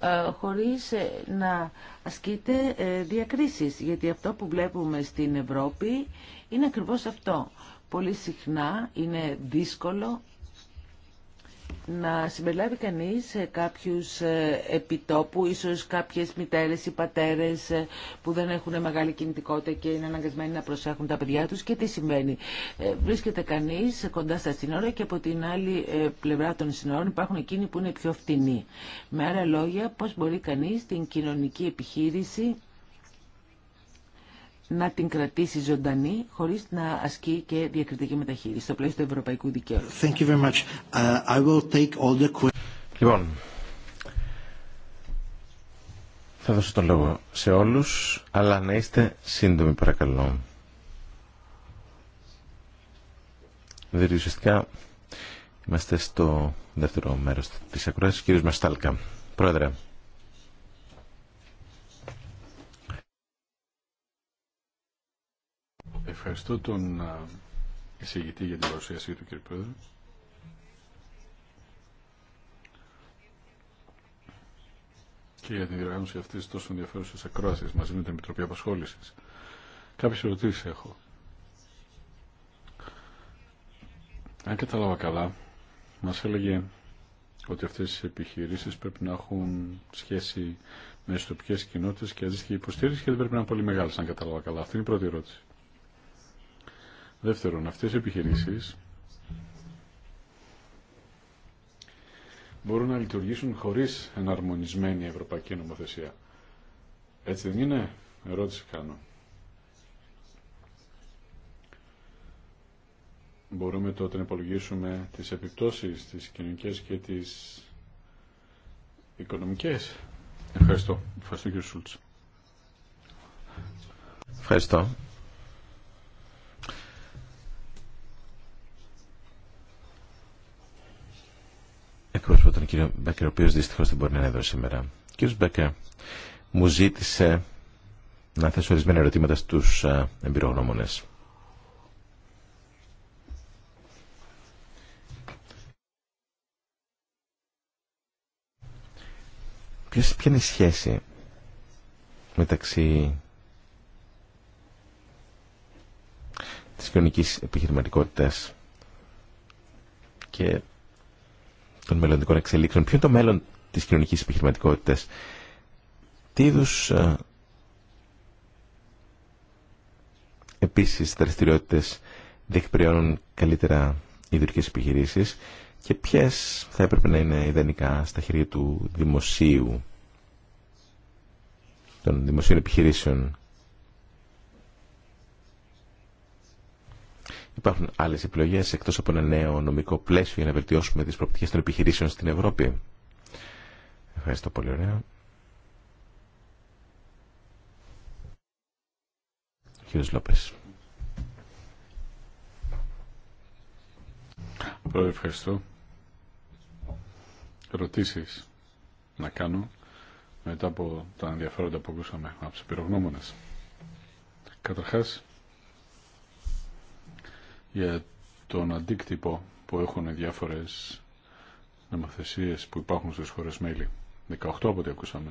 ε, χωρίς ε, να ασκείτε ε, διακρίσεις. Γιατί αυτό που βλέπουμε στην Ευρώπη είναι ακριβώς αυτό. Πολύ συχνά είναι δύσκολο να συμπεριλάβει κανείς ε, κάποιους ε, επιτόπου, ίσως κάποιες μητέρες ή πατέρες ε, που δεν έχουν μεγάλη κινητικότητα και είναι αναγκασμένοι να προσέχουν τα παιδιά τους και τι συμβαίνει. Βρίσκεται κανείς κοντά στα σύνορα και από την άλλη πλευρά των σύνορων υπάρχουν εκείνοι που είναι πιο φτηνοί. Με άλλα λόγια, πώς μπορεί κανείς την κοινωνική επιχείρηση να την κρατήσει ζωντανή χωρίς να ασκεί και διακριτική μεταχείριση στο πλαίσιο του ευρωπαϊκού δικαίου. Thank you very much. Uh, I will take all the... Λοιπόν, θα δώσω τον λόγο σε όλους, αλλά να είστε σύντομοι παρακαλώ. Δηλαδή ουσιαστικά είμαστε στο δεύτερο μέρος της ακρόασης, κύριος Μαστάλκα. Πρόεδρε, Ευχαριστώ τον εισηγητή για την παρουσίασή του, κύριε Πρόεδρε. και για την διοργάνωση αυτή τη τόσο ενδιαφέρουσα ακρόαση μαζί με την Επιτροπή Απασχόληση. Κάποιε ερωτήσει έχω. Αν κατάλαβα καλά, μα έλεγε ότι αυτέ οι επιχειρήσει πρέπει να έχουν σχέση με τι τοπικέ κοινότητε και αντίστοιχη υποστήριξη και δεν πρέπει να είναι πολύ μεγάλε, αν κατάλαβα καλά. Αυτή είναι η πρώτη ερώτηση. Δεύτερον, αυτές οι επιχειρήσεις μπορούν να λειτουργήσουν χωρίς εναρμονισμένη ευρωπαϊκή νομοθεσία. Έτσι δεν είναι, ερώτηση κάνω. Μπορούμε τότε να υπολογίσουμε τις επιπτώσεις, τις κοινωνικές και τις οικονομικές. Ευχαριστώ. Ευχαριστώ κύριε Σούλτς. Ευχαριστώ. εκπρόσωπο τον κύριο Μπέκερ, ο οποίο δυστυχώ δεν μπορεί να είναι εδώ σήμερα. Κύριο κύριος Μπέκερ μου ζήτησε να θέσω ορισμένα ερωτήματα στου εμπειρογνωμονε, Ποιος, ποια είναι η σχέση μεταξύ της κοινωνικής επιχειρηματικότητας και των μελλοντικών εξελίξεων. Ποιο είναι το μέλλον της κοινωνικής επιχειρηματικότητας. Τι είδου ε, επίσης δραστηριότητε διεκπαιρεώνουν καλύτερα οι ιδιωτικές επιχειρήσεις και ποιες θα έπρεπε να είναι ιδανικά στα χέρια του δημοσίου των δημοσίων επιχειρήσεων Υπάρχουν άλλε επιλογέ εκτό από ένα νέο νομικό πλαίσιο για να βελτιώσουμε τι προοπτικέ των επιχειρήσεων στην Ευρώπη. Ευχαριστώ πολύ ωραία. Κύριος Λόπες. Πρόεδρε, ευχαριστώ. Ερωτήσεις να κάνω μετά από τα ενδιαφέροντα που ακούσαμε από τους πυρογνώμονε. Καταρχάς, για τον αντίκτυπο που έχουν οι διάφορες νομοθεσίες που υπάρχουν στις χώρες μέλη. 18 από ό,τι ακούσαμε.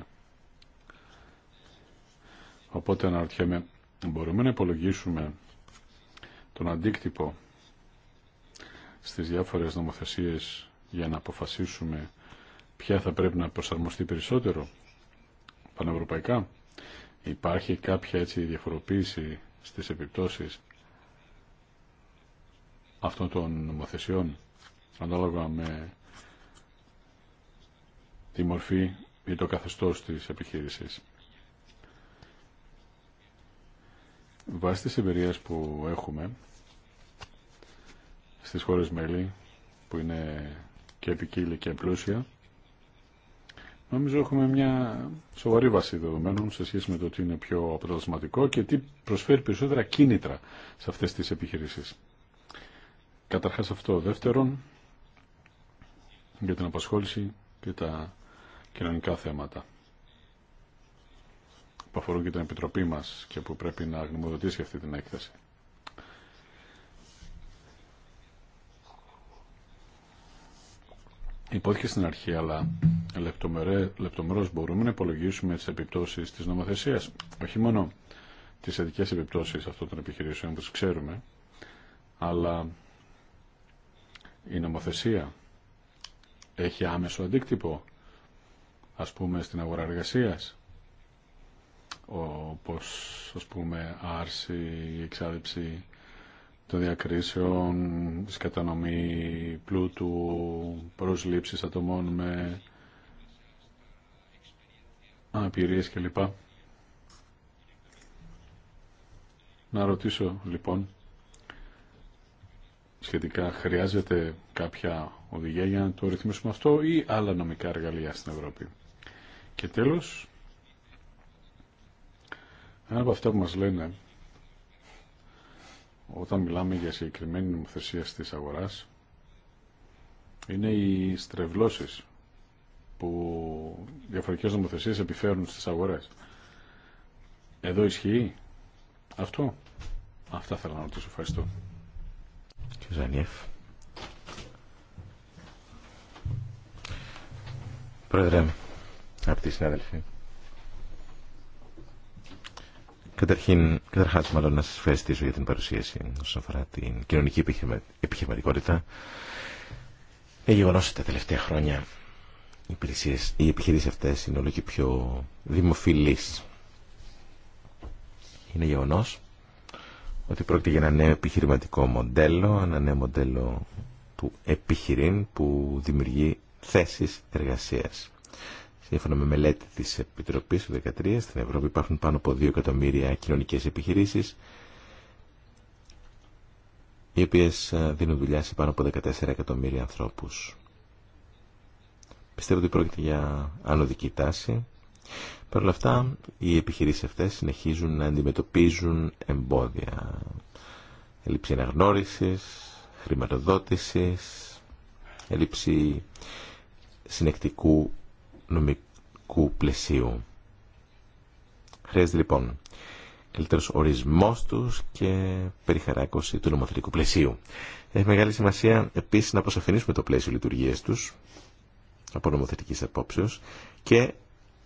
Οπότε αναρωτιέμαι, μπορούμε να υπολογίσουμε τον αντίκτυπο στις διάφορες νομοθεσίες για να αποφασίσουμε ποια θα πρέπει να προσαρμοστεί περισσότερο πανευρωπαϊκά. Υπάρχει κάποια έτσι διαφοροποίηση στις επιπτώσεις αυτών των νομοθεσιών ανάλογα με τη μορφή ή το καθεστώς της επιχείρησης. Βάσει τις εμπειρίες που έχουμε στις χώρες μέλη που είναι και επικύλη και πλούσια νομίζω έχουμε μια σοβαρή βάση δεδομένων σε σχέση με το τι είναι πιο αποτελεσματικό και τι προσφέρει περισσότερα κίνητρα σε αυτές τις επιχειρήσεις. Καταρχάς αυτό. Δεύτερον, για την απασχόληση και τα κοινωνικά θέματα που αφορούν και την Επιτροπή μας και που πρέπει να γνωμοδοτήσει αυτή την έκθεση. Υπόθηκε στην αρχή, αλλά λεπτομερώς μπορούμε να υπολογίσουμε τις επιπτώσεις της νομοθεσίας. Όχι μόνο τις ειδικές επιπτώσεις αυτών των επιχειρήσεων, που ξέρουμε, αλλά η νομοθεσία έχει άμεσο αντίκτυπο, ας πούμε, στην αγορά εργασίας, όπως, ας πούμε, άρση, εξάδεψη των διακρίσεων, κατανομή πλούτου, προσλήψης ατομών με αναπηρίες κλπ. Να ρωτήσω, λοιπόν, σχετικά χρειάζεται κάποια οδηγία για να το ρυθμίσουμε αυτό ή άλλα νομικά εργαλεία στην Ευρώπη. Και τέλος, ένα από αυτά που μας λένε όταν μιλάμε για συγκεκριμένη νομοθεσία στις αγοράς είναι οι στρεβλώσεις που διαφορετικές νομοθεσίες επιφέρουν στις αγορές. Εδώ ισχύει αυτό. Αυτά θέλω να ρωτήσω. Ευχαριστώ. Κ. Ζανιέφ. Πρόεδρε, αγαπητοί συνάδελφοι, Καταρχήν, καταρχάς μάλλον να σας ευχαριστήσω για την παρουσίαση όσον αφορά την κοινωνική επιχειρηματικότητα. Είναι γεγονός ότι τα τελευταία χρόνια οι, υπηρεσίες, οι επιχειρήσεις αυτές είναι όλο και πιο δημοφιλείς. Είναι γεγονός ότι πρόκειται για ένα νέο επιχειρηματικό μοντέλο, ένα νέο μοντέλο του επιχειρήν που δημιουργεί θέσεις εργασίας. Σύμφωνα με μελέτη της Επιτροπής του 2013, στην Ευρώπη υπάρχουν πάνω από 2 εκατομμύρια κοινωνικές επιχειρήσεις, οι οποίες ε, δίνουν δουλειά σε πάνω από 14 εκατομμύρια ανθρώπους. Πιστεύω ότι πρόκειται για ανωδική τάση. Παρ' όλα αυτά, οι επιχειρήσεις αυτές συνεχίζουν να αντιμετωπίζουν εμπόδια. Έλλειψη αναγνώρισης, χρηματοδότησης, έλλειψη συνεκτικού νομικού πλαισίου. Χρειάζεται λοιπόν καλύτερος ορισμός τους και περιχαράκωση του νομοθετικού πλαισίου. Έχει μεγάλη σημασία επίσης να αποσαφηνίσουμε το πλαίσιο λειτουργίας τους από νομοθετικής απόψεως και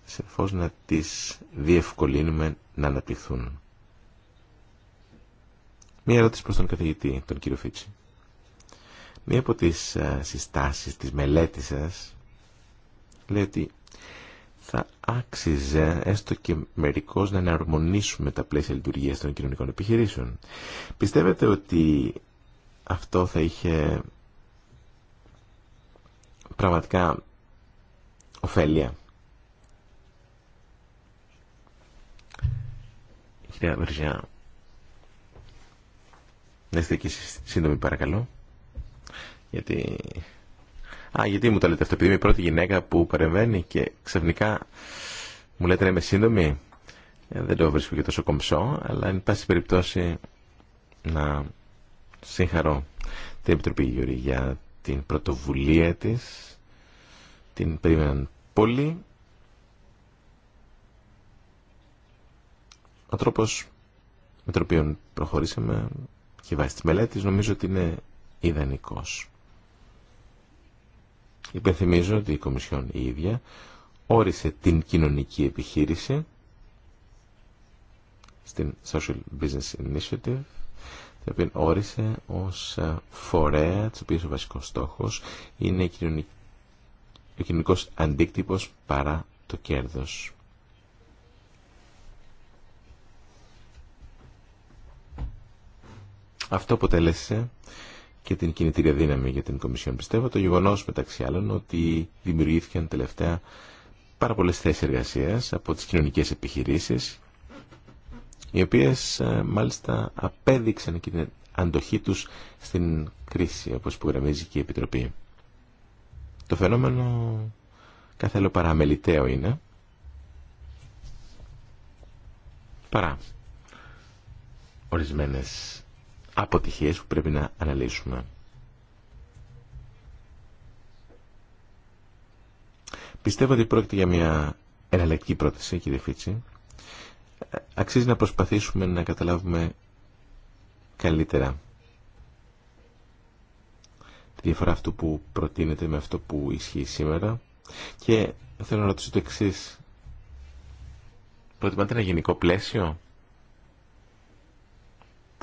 φως να τις διευκολύνουμε να αναπτυχθούν. Μία ερώτηση προς τον καθηγητή, τον κύριο Φίτσι. Μία από τις συστάσεις της μελέτης σας λέει ότι θα άξιζε έστω και μερικώς να εναρμονίσουμε τα πλαίσια λειτουργίας των κοινωνικών επιχειρήσεων. Πιστεύετε ότι αυτό θα είχε πραγματικά ωφέλεια Κυρία Βερζιά. να είστε εκεί σύντομοι παρακαλώ. Γιατί... Α, γιατί μου το λέτε αυτό, επειδή είμαι η πρώτη γυναίκα που παρεμβαίνει και ξαφνικά μου λέτε να είμαι σύντομη. Ε, δεν το βρίσκω και τόσο κομψό, αλλά εν πάση περιπτώσει να συγχαρώ την Επιτροπή Γιώργη για την πρωτοβουλία της. Την περίμεναν πολύ Ο τρόπο με τον οποίο προχωρήσαμε και βάσει τη μελέτη νομίζω ότι είναι ιδανικός. Υπενθυμίζω ότι η Κομισιόν η ίδια όρισε την κοινωνική επιχείρηση στην Social Business Initiative την οποία όρισε ως ε, φορέα της οποίας ο βασικός στόχος είναι ο κοινωνικός αντίκτυπος παρά το κέρδος. Αυτό αποτέλεσε και την κινητήρια δύναμη για την Κομισιόν. Πιστεύω το γεγονό μεταξύ άλλων ότι δημιουργήθηκαν τελευταία πάρα πολλέ θέσει εργασία από τι κοινωνικέ επιχειρήσει, οι οποίε ε, μάλιστα απέδειξαν και την αντοχή του στην κρίση, όπω υπογραμμίζει και η Επιτροπή. Το φαινόμενο άλλο παραμεληταίο είναι παρά ορισμένες αποτυχίες που πρέπει να αναλύσουμε. Πιστεύω ότι πρόκειται για μια εναλλακτική πρόταση, κύριε Φίτση. Αξίζει να προσπαθήσουμε να καταλάβουμε καλύτερα τη διαφορά αυτού που προτείνεται με αυτό που ισχύει σήμερα. Και θέλω να ρωτήσω το εξή. Προτιμάτε ένα γενικό πλαίσιο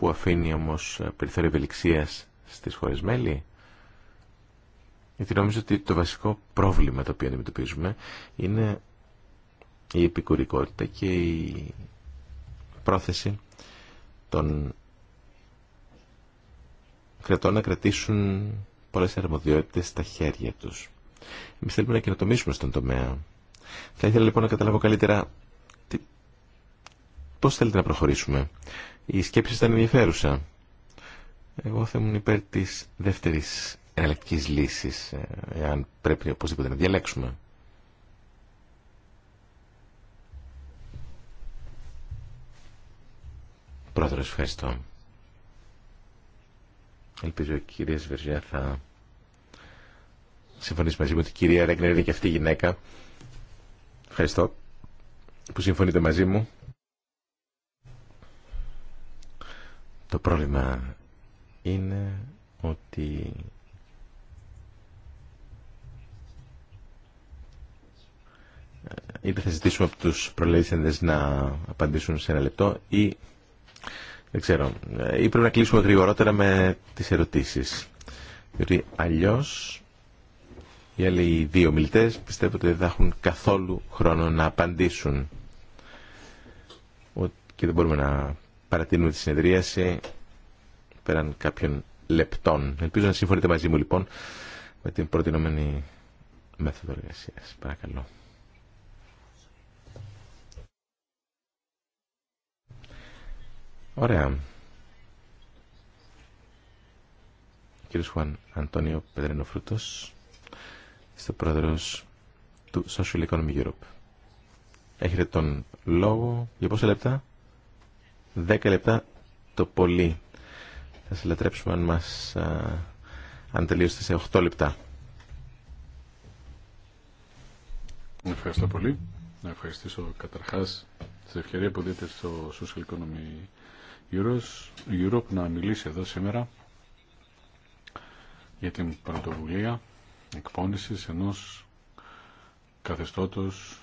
που αφήνει όμω ε, περιθώριο ευελιξία στις χώρε μέλη. Γιατί νομίζω ότι το βασικό πρόβλημα το οποίο αντιμετωπίζουμε είναι η επικουρικότητα και η πρόθεση των κρατών να κρατήσουν πολλές αρμοδιότητες στα χέρια τους. Εμείς θέλουμε να καινοτομήσουμε στον τομέα. Θα ήθελα λοιπόν να καταλάβω καλύτερα πώς θέλετε να προχωρήσουμε. Η σκέψη ήταν ενδιαφέρουσα. Εγώ θα ήμουν υπέρ τη δεύτερης εναλλακτική λύσης, ε, εάν πρέπει οπωσδήποτε να διαλέξουμε. Πρόεδρος, ευχαριστώ. Ελπίζω η κυρία Σβερζιά θα συμφωνήσει μαζί μου ότι η κυρία Ρέγκνερ είναι και αυτή η γυναίκα. Ευχαριστώ που συμφωνείτε μαζί μου. Το πρόβλημα είναι ότι είτε θα ζητήσουμε από τους προλαλήσεντες να απαντήσουν σε ένα λεπτό ή δεν ξέρω, ή πρέπει να κλείσουμε γρηγορότερα με τις ερωτήσεις. Διότι αλλιώς οι άλλοι δύο μιλητές πιστεύω ότι δεν θα έχουν καθόλου χρόνο να απαντήσουν και δεν μπορούμε να παρατείνουμε τη συνεδρίαση πέραν κάποιων λεπτών. Ελπίζω να συμφωνείτε μαζί μου λοιπόν με την προτινόμενη μέθοδο εργασία. Παρακαλώ. Ωραία. Κύριος Χουάν Αντώνιο Πεδρενοφρούτος, είστε πρόεδρος του Social Economy Europe. Έχετε τον λόγο για πόσα λεπτά. Δέκα λεπτά το πολύ. Θα σε λατρέψουμε αν, μας, αν σε 8 λεπτά. Ευχαριστώ πολύ. Να ευχαριστήσω καταρχάς τη ευκαιρία που δείτε στο Social Economy Europe να μιλήσει εδώ σήμερα για την πρωτοβουλία εκπόνηση, ενός καθεστώτος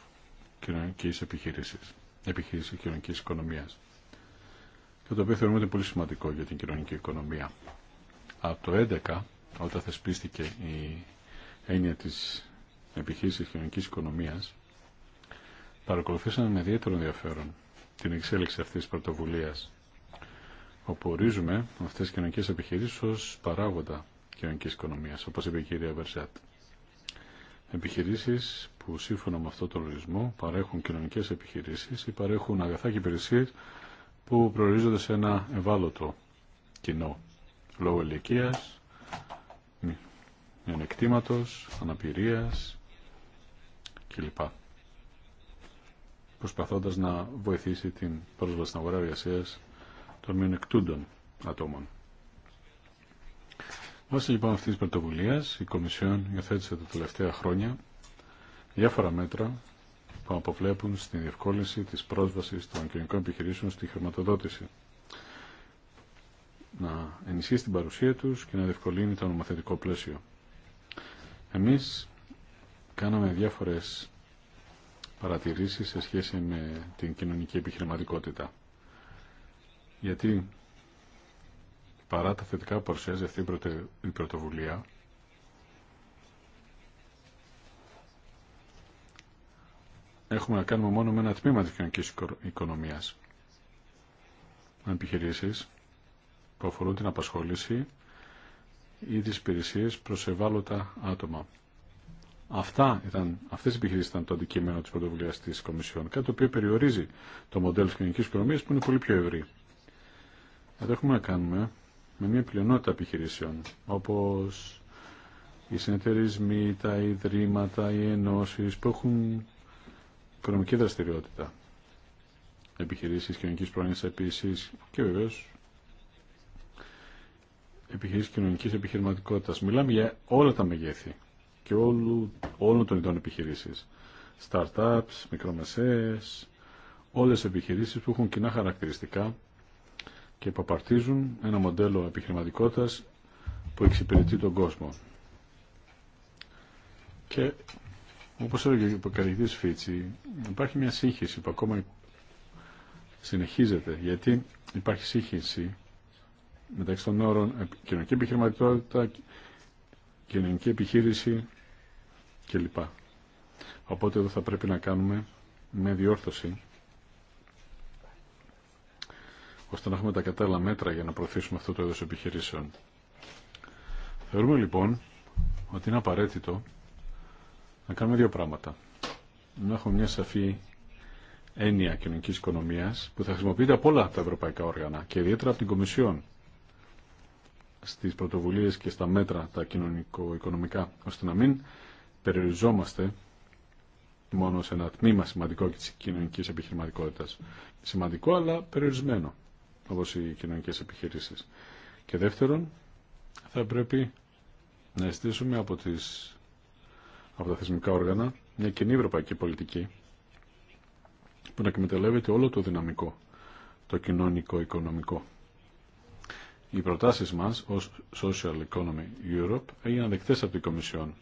κοινωνική επιχείρηση, επιχείρηση κοινωνικής οικονομίας το οποίο θεωρούμε ότι πολύ σημαντικό για την κοινωνική οικονομία. Από το 2011, όταν θεσπίστηκε η έννοια της επιχείρησης κοινωνικής οικονομίας, παρακολουθήσαμε με ιδιαίτερο ενδιαφέρον την εξέλιξη αυτής της πρωτοβουλίας, όπου ορίζουμε αυτές τις κοινωνικές επιχειρήσεις ως παράγοντα κοινωνικής οικονομίας, όπως είπε η κυρία Βερζάτ. Επιχειρήσεις που σύμφωνα με αυτό τον ορισμό παρέχουν κοινωνικές επιχειρήσεις ή παρέχουν αγαθά και υπηρεσίες που προορίζονται σε ένα ευάλωτο κοινό λόγω ηλικία, μειονεκτήματος, αναπηρία κλπ. Προσπαθώντα να βοηθήσει την πρόσβαση στην αγορά εργασία των μειονεκτούντων ατόμων. Βάσει λοιπόν αυτή τη πρωτοβουλία, η Κομισιόν υιοθέτησε τα τελευταία χρόνια διάφορα μέτρα που αποβλέπουν στην διευκόλυνση της πρόσβασης των κοινωνικών επιχειρήσεων στη χρηματοδότηση. Να ενισχύσει την παρουσία τους και να διευκολύνει το νομοθετικό πλαίσιο. Εμείς κάναμε διάφορες παρατηρήσεις σε σχέση με την κοινωνική επιχειρηματικότητα. Γιατί παρά τα θετικά που παρουσιάζει αυτή η πρωτοβουλία, έχουμε να κάνουμε μόνο με ένα τμήμα της κοινωνικής οικονομίας. Με επιχειρήσεις που αφορούν την απασχόληση ή τις υπηρεσίες προς ευάλωτα άτομα. Αυτά ήταν, αυτές οι επιχειρήσεις ήταν το αντικείμενο της πρωτοβουλία της Κομισιόν, κάτι το οποίο περιορίζει το μοντέλο της κοινωνικής οικονομίας που είναι πολύ πιο ευρύ. Εδώ έχουμε να κάνουμε με μια πλειονότητα επιχειρήσεων, όπως οι συνεταιρισμοί, τα ιδρύματα, οι ενώσεις που έχουν οικονομική δραστηριότητα. Επιχειρήσεις κοινωνική πρόνοια επίση. και βεβαίως επιχειρήσεις κοινωνική επιχειρηματικότητας. Μιλάμε για όλα τα μεγέθη και όλου, όλων των ειδών επιχειρήσεις. Startups, μικρομεσαίε, όλες οι επιχειρήσεις που έχουν κοινά χαρακτηριστικά και που απαρτίζουν ένα μοντέλο επιχειρηματικότητα που εξυπηρετεί τον κόσμο. Και Όπω έλεγε ο καθηγητής Φίτσι, υπάρχει μια σύγχυση που ακόμα συνεχίζεται, γιατί υπάρχει σύγχυση μεταξύ των όρων κοινωνική επιχειρηματικότητα, κοινωνική επιχείρηση κλπ. Οπότε εδώ θα πρέπει να κάνουμε με διόρθωση ώστε να έχουμε τα κατάλληλα μέτρα για να προωθήσουμε αυτό το είδος επιχειρήσεων. Θεωρούμε λοιπόν ότι είναι απαραίτητο να κάνουμε δύο πράγματα. Να έχουμε μια σαφή έννοια κοινωνική οικονομία που θα χρησιμοποιείται από όλα τα ευρωπαϊκά όργανα και ιδιαίτερα από την Κομισιόν στις πρωτοβουλίε και στα μέτρα τα κοινωνικο-οικονομικά ώστε να μην περιοριζόμαστε μόνο σε ένα τμήμα σημαντικό τη κοινωνική επιχειρηματικότητα. Σημαντικό αλλά περιορισμένο όπω οι κοινωνικέ επιχειρήσει. Και δεύτερον θα πρέπει να αισθήσουμε από τις από τα θεσμικά όργανα μια κοινή ευρωπαϊκή πολιτική που να εκμεταλλεύεται όλο το δυναμικό, το κοινωνικό-οικονομικό. Οι προτάσεις μας ως Social Economy Europe έγιναν δεκτές από την Κομισιόν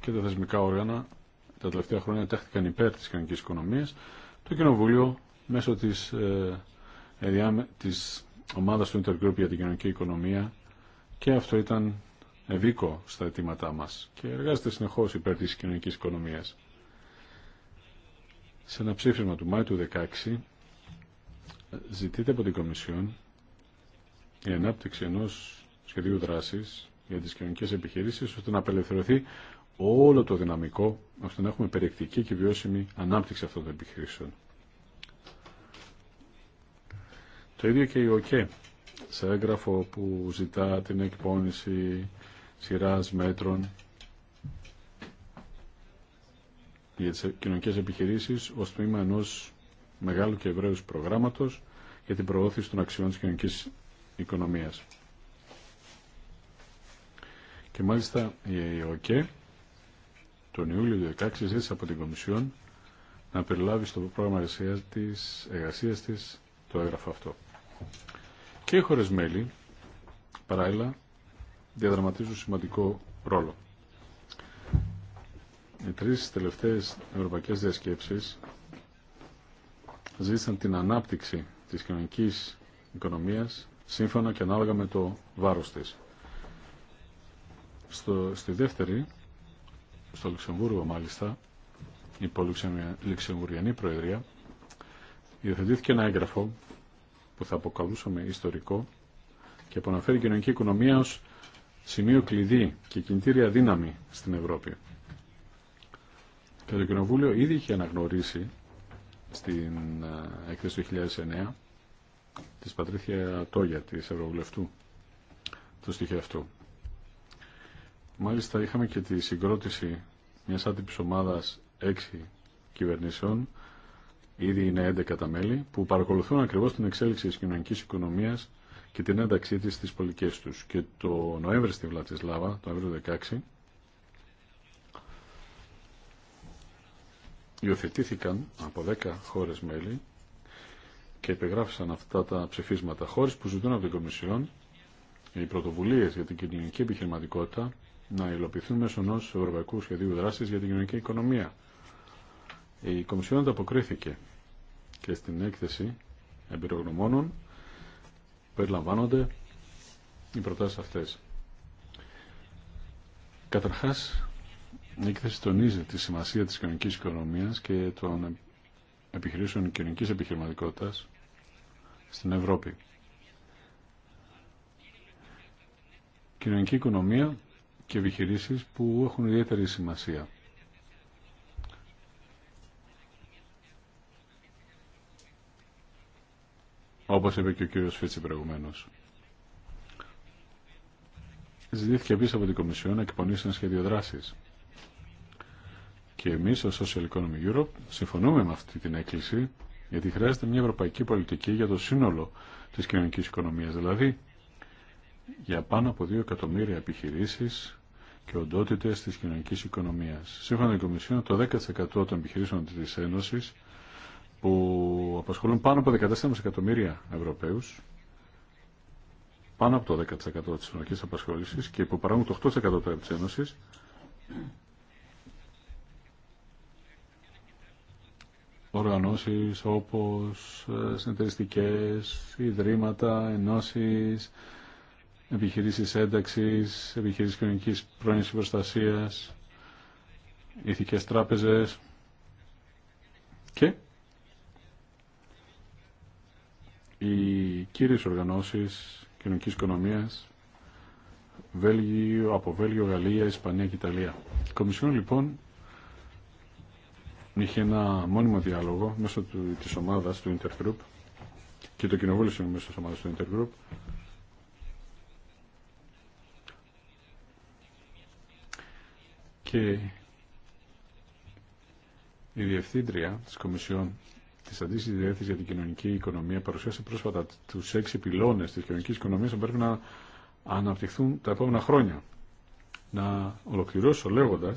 και τα θεσμικά όργανα τα τελευταία χρόνια τέχθηκαν υπέρ της κοινωνικής οικονομίας. Το Κοινοβούλιο μέσω της, ε, της ομάδας του Intergroup για την κοινωνική οικονομία και αυτό ήταν ευήκο στα αιτήματά μας και εργάζεται συνεχώς υπέρ της κοινωνικής οικονομίας. Σε ένα ψήφισμα του Μάη του 2016 ζητείται από την Κομισιόν η ανάπτυξη ενός σχεδίου δράσης για τις κοινωνικές επιχειρήσεις ώστε να απελευθερωθεί όλο το δυναμικό ώστε να έχουμε περιεκτική και βιώσιμη ανάπτυξη αυτών των επιχειρήσεων. Το ίδιο και η ΟΚΕ σε έγγραφο που ζητά την εκπόνηση σειράς μέτρων για τις κοινωνικές επιχειρήσεις ως τμήμα ενός μεγάλου και ευρέου προγράμματος για την προώθηση των αξιών της κοινωνικής οικονομίας. Και μάλιστα η ΕΟΚΕ τον Ιούλιο του 2016 ζήτησε από την Κομισιόν να περιλάβει στο πρόγραμμα εργασίας της, εργασίας της το έγγραφο αυτό. Και οι χώρες μέλη παράλληλα διαδραματίζουν σημαντικό ρόλο. Οι τρεις τελευταίες ευρωπαϊκές διασκέψεις ζήτησαν την ανάπτυξη της κοινωνικής οικονομίας σύμφωνα και ανάλογα με το βάρος της. Στο, στη δεύτερη, στο Λουξεμβούργο μάλιστα, υπό Λουξεμβουριανή Προεδρία, υιοθετήθηκε ένα έγγραφο που θα αποκαλούσαμε ιστορικό και που αναφέρει κοινωνική οικονομία ως σημείο κλειδί και κινητήρια δύναμη στην Ευρώπη. Και το Κοινοβούλιο ήδη είχε αναγνωρίσει στην ε, έκθεση του 2009 της Πατρίθια Τόγια της Ευρωβουλευτού το στοιχείο αυτό. Μάλιστα είχαμε και τη συγκρότηση μιας άτυπης ομάδας έξι κυβερνήσεων ήδη είναι 11 τα μέλη που παρακολουθούν ακριβώς την εξέλιξη της κοινωνικής οικονομίας και την ένταξή της στις πολιτικές τους. Και το Νοέμβρη στη Βλατισλάβα, το Νοέμβριο 16, υιοθετήθηκαν από 10 χώρες μέλη και υπεγράφησαν αυτά τα ψηφίσματα χώρες που ζητούν από την Κομισιόν οι πρωτοβουλίε για την κοινωνική επιχειρηματικότητα να υλοποιηθούν μέσω ενό Ευρωπαϊκού Σχεδίου Δράση για την κοινωνική οικονομία. Η Κομισιόν ανταποκρίθηκε και στην έκθεση εμπειρογνωμόνων περιλαμβάνονται οι προτάσεις αυτές. Καταρχάς, η έκθεση τονίζει τη σημασία της κοινωνικής οικονομίας και των επιχειρήσεων κοινωνικής επιχειρηματικότητας στην Ευρώπη. Κοινωνική οικονομία και επιχειρήσεις που έχουν ιδιαίτερη σημασία. όπως είπε και ο κύριος Φίτση προηγουμένως. Ζητήθηκε επίσης από την Κομισιόν να εκπονήσει ένα σχέδιο δράσης. Και εμείς στο Social Economy Europe συμφωνούμε με αυτή την έκκληση γιατί χρειάζεται μια ευρωπαϊκή πολιτική για το σύνολο της κοινωνικής οικονομίας, δηλαδή για πάνω από 2 εκατομμύρια επιχειρήσεις και οντότητες της κοινωνικής οικονομίας. Σύμφωνα με την Κομισιόν, το 10% των επιχειρήσεων της Ένωσης που απασχολούν πάνω από 14 εκατομμύρια Ευρωπαίους, πάνω από το 10% της συνολικής απασχόλησης και που παράγουν το 8% της Ένωσης, οργανώσεις όπως ε, συνεταιριστικές, ιδρύματα, ενώσεις, επιχειρήσεις ένταξης, επιχειρήσεις κοινωνικής πρόνοιας προστασίας, ηθικές τράπεζες και οι κύριες οργανώσεις κοινωνικής οικονομίας Βέλγιο, από Βέλγιο, Γαλλία, Ισπανία και Ιταλία. Η Κομισιόν λοιπόν είχε ένα μόνιμο διάλογο μέσω του, της ομάδας του Intergroup και το κοινοβούλιο μέσω της ομάδας του Intergroup και η Διευθύντρια της Κομισιόν τη αντίστοιχη διεύθυνση για την κοινωνική οικονομία παρουσίασε πρόσφατα του έξι πυλώνε τη κοινωνική οικονομία που πρέπει να αναπτυχθούν τα επόμενα χρόνια. Να ολοκληρώσω λέγοντα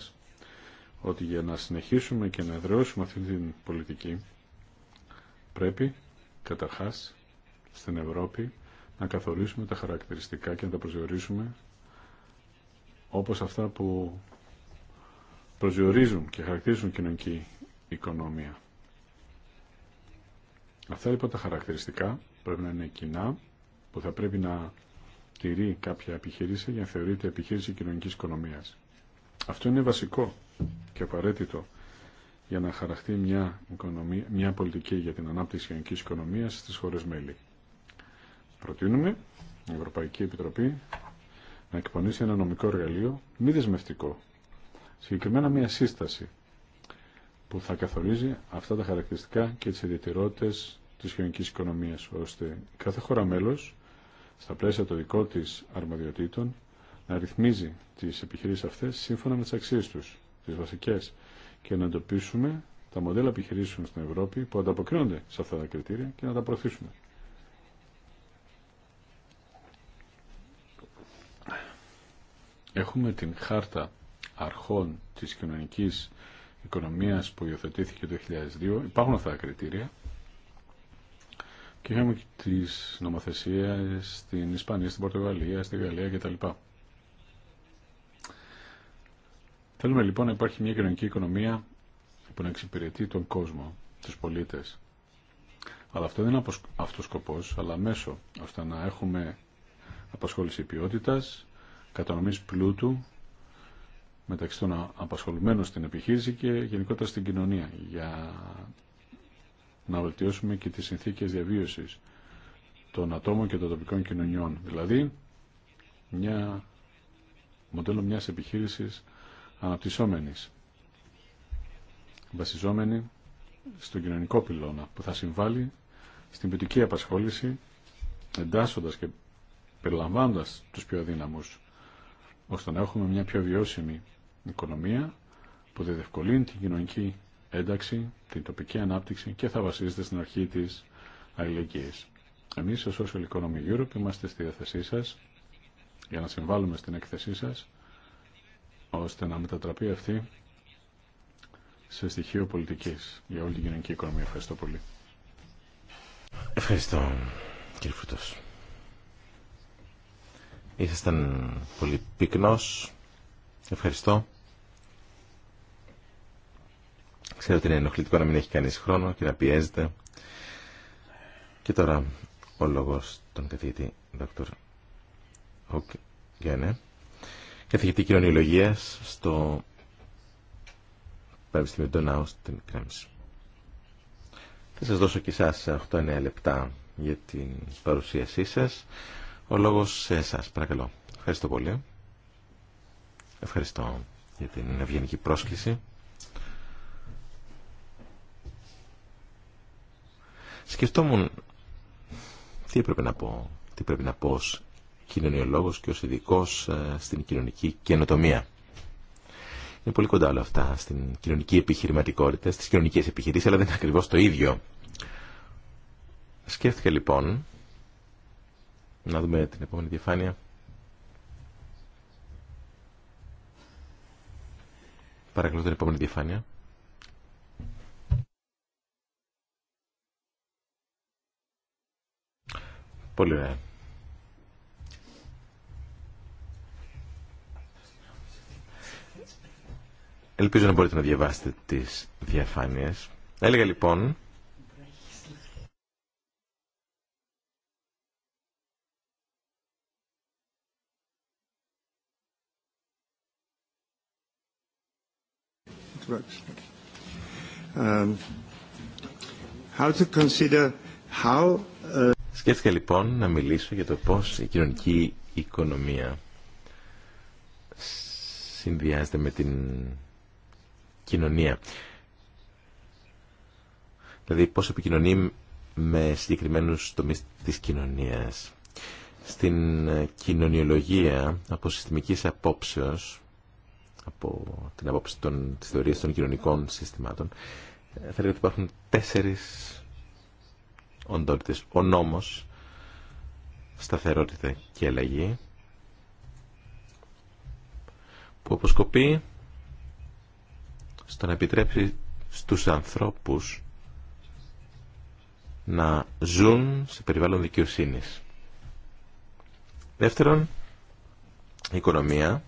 ότι για να συνεχίσουμε και να εδραιώσουμε αυτή την πολιτική πρέπει καταρχάς στην Ευρώπη να καθορίσουμε τα χαρακτηριστικά και να τα προσδιορίσουμε όπως αυτά που προσδιορίζουν και χαρακτηρίζουν κοινωνική οικονομία. Αυτά λοιπόν τα χαρακτηριστικά πρέπει να είναι κοινά που θα πρέπει να τηρεί κάποια επιχείρηση για να θεωρείται επιχείρηση κοινωνική οικονομία. Αυτό είναι βασικό και απαραίτητο για να χαραχτεί μια, οικονομία, μια πολιτική για την ανάπτυξη κοινωνική οικονομία στι χώρες μέλη. Προτείνουμε η Ευρωπαϊκή Επιτροπή να εκπονήσει ένα νομικό εργαλείο μη δεσμευτικό, συγκεκριμένα μια σύσταση που θα καθορίζει αυτά τα χαρακτηριστικά και τις ιδιαιτερότητες της κοινωνικής οικονομίας, ώστε κάθε χώρα μέλος, στα πλαίσια των δικών της αρμοδιοτήτων, να ρυθμίζει τις επιχειρήσεις αυτές σύμφωνα με τις αξίες τους, τις βασικές, και να εντοπίσουμε τα μοντέλα επιχειρήσεων στην Ευρώπη που ανταποκρίνονται σε αυτά τα κριτήρια και να τα προωθήσουμε. Έχουμε την χάρτα αρχών της κοινωνικής Οικονομίας που υιοθετήθηκε το 2002 υπάρχουν αυτά τα κριτήρια και είχαμε τι νομοθεσίες στην Ισπανία, στην Πορτογαλία, στη Γαλλία κτλ. Θέλουμε λοιπόν να υπάρχει μια κοινωνική οικονομία που να εξυπηρετεί τον κόσμο, του πολίτε. Αλλά αυτό δεν είναι αυτό ο σκοπός, αλλά μέσο, ώστε να έχουμε απασχόληση ποιότητα, κατανομή πλούτου μεταξύ των απασχολουμένων στην επιχείρηση και γενικότερα στην κοινωνία για να βελτιώσουμε και τις συνθήκες διαβίωσης των ατόμων και των τοπικών κοινωνιών. Δηλαδή, μια μοντέλο μιας επιχείρησης αναπτυσσόμενης, βασιζόμενη στον κοινωνικό πυλώνα που θα συμβάλλει στην ποιοτική απασχόληση εντάσσοντας και περιλαμβάνοντας τους πιο αδύναμους ώστε να έχουμε μια πιο βιώσιμη οικονομία που δεν διευκολύνει την κοινωνική ένταξη, την τοπική ανάπτυξη και θα βασίζεται στην αρχή της αλληλεγγύης. Εμείς στο Social Economy Europe είμαστε στη διάθεσή σας για να συμβάλλουμε στην έκθεσή σας ώστε να μετατραπεί αυτή σε στοιχείο πολιτικής για όλη την κοινωνική οικονομία. Ευχαριστώ πολύ. Ευχαριστώ κύριε Φουτός. Ήσασταν πολύ πυκνός. Ευχαριστώ. Ξέρω ότι είναι ενοχλητικό να μην έχει κανείς χρόνο και να πιέζεται. Και τώρα ο λόγος των καθηγητή Δόκτωρ Οκ Γιάννε. καθηγητή κοινωνιολογίας στο Πανεπιστήμιο Ντονάου στην Κρέμψη. Θα σας δώσω και εσάς 8-9 λεπτά για την παρουσίασή σας. Ο λόγος σε εσάς, παρακαλώ. Ευχαριστώ πολύ. Ευχαριστώ για την ευγενική πρόσκληση. Σκεφτόμουν τι έπρεπε να πω, τι πρέπει να πω ως κοινωνιολόγος και ως ειδικό ε, στην κοινωνική καινοτομία. Είναι πολύ κοντά όλα αυτά στην κοινωνική επιχειρηματικότητα, στις κοινωνικές επιχειρήσεις, αλλά δεν είναι ακριβώς το ίδιο. Σκέφτηκα λοιπόν, να δούμε την επόμενη διαφάνεια, Παρακαλώ την επόμενη διαφάνεια. Πολύ ωραία. Ελπίζω να μπορείτε να διαβάσετε τις διαφάνειες. Έλεγα λοιπόν... Um, how to consider how Σκέφτηκα λοιπόν να μιλήσω για το πώς η κοινωνική οικονομία συνδυάζεται με την κοινωνία. Δηλαδή πώς επικοινωνεί με συγκεκριμένους τομείς της κοινωνίας. Στην κοινωνιολογία από συστημικής απόψεως, από την απόψη των, της θεωρίας των κοινωνικών συστημάτων, θα λέγαμε ότι υπάρχουν τέσσερις ο νόμος, σταθερότητα και αλλαγή, που αποσκοπεί στο να επιτρέψει στους ανθρώπους να ζουν σε περιβάλλον δικαιοσύνης. Δεύτερον, η οικονομία,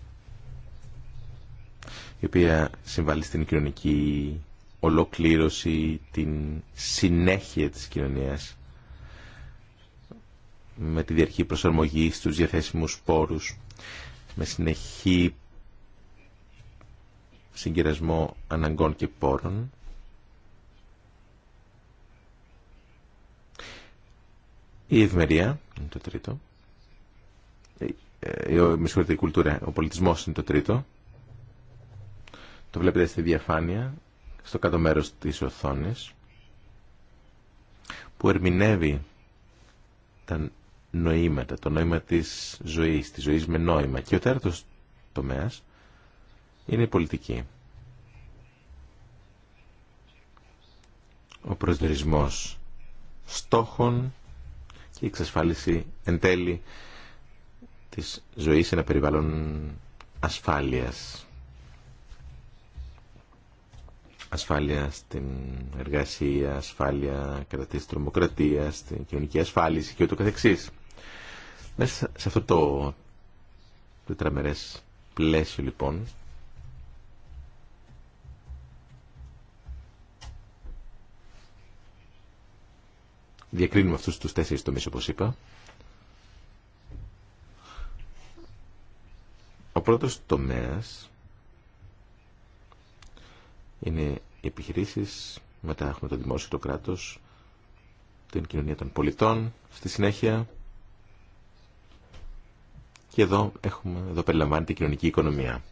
η οποία συμβάλλει στην κοινωνική ολοκλήρωση, την συνέχεια της κοινωνίας με τη διαρχή προσαρμογή στους διαθέσιμους πόρους, με συνεχή συγκερασμό αναγκών και πόρων, η ευμερία είναι το τρίτο, ε, ε, με συγχωρείτε η κουλτούρα, ο πολιτισμός είναι το τρίτο, το βλέπετε στη διαφάνεια, στο κάτω μέρος της οθόνης που ερμηνεύει τα νοήματα, το νόημα της ζωής, της ζωής με νόημα. Και ο τέταρτος τομέας είναι η πολιτική. Ο προσδιορισμός στόχων και η εξασφάλιση εν τέλει της ζωής σε ένα περιβάλλον ασφάλειας ασφάλεια στην εργασία, ασφάλεια κατά τη τρομοκρατίας, στην κοινωνική ασφάλιση και ούτω καθεξής. Μέσα σε αυτό το τετραμερές πλαίσιο λοιπόν διακρίνουμε αυτούς τους τέσσερις τομείς όπως είπα ο πρώτος τομέας είναι οι επιχειρήσεις, μετά έχουμε το δημόσιο, το κράτος, την κοινωνία των πολιτών, στη συνέχεια. Και εδώ, έχουμε, εδώ περιλαμβάνεται η κοινωνική οικονομία.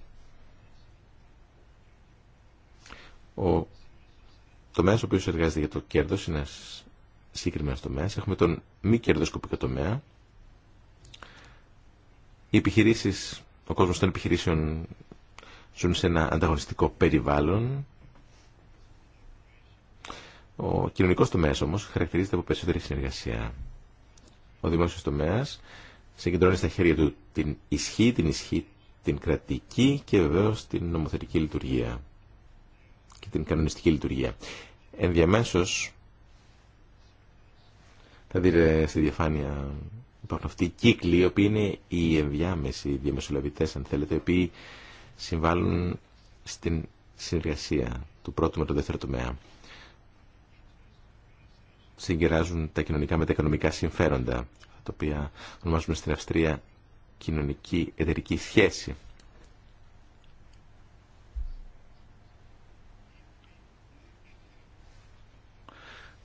Ο τομέας ο οποίος εργάζεται για το κέρδος είναι ένας συγκεκριμένος τομέας. Έχουμε τον μη κερδοσκοπικό τομέα. Οι επιχειρήσεις, ο κόσμος των επιχειρήσεων ζουν σε ένα ανταγωνιστικό περιβάλλον ο κοινωνικό τομέας όμως χαρακτηρίζεται από περισσότερη συνεργασία. Ο δημόσιο τομέα συγκεντρώνει στα χέρια του την ισχύ, την ισχύ την κρατική και βεβαίω την νομοθετική λειτουργία και την κανονιστική λειτουργία. Ενδιαμέσω θα δείτε στη διαφάνεια υπάρχουν αυτοί οι κύκλοι, οι οποίοι είναι οι ενδιάμεσοι διαμεσολαβητέ, αν θέλετε, οι οποίοι συμβάλλουν στην συνεργασία του πρώτου με τον δεύτερο τομέα συγκεράζουν τα κοινωνικά με τα οικονομικά συμφέροντα, τα οποία ονομάζουμε στην Αυστρία κοινωνική εταιρική σχέση.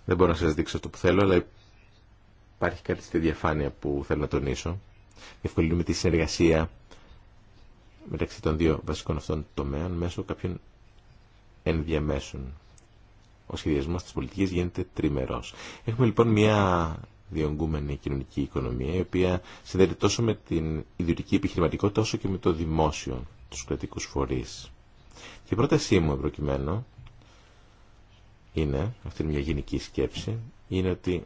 Δεν μπορώ να σας δείξω αυτό που θέλω, αλλά υπάρχει κάτι στη διαφάνεια που θέλω να τονίσω. Ευκολύνουμε τη συνεργασία μεταξύ των δύο βασικών αυτών τομέων μέσω κάποιων ενδιαμέσων ο σχεδιασμό τη πολιτική γίνεται τριμερός. Έχουμε λοιπόν μια διονγκούμενη κοινωνική οικονομία η οποία συνδέεται τόσο με την ιδιωτική επιχειρηματικότητα όσο και με το δημόσιο, τους κρατικούς φορείς. Και η πρότασή μου προκειμένου είναι, αυτή είναι μια γενική σκέψη, είναι ότι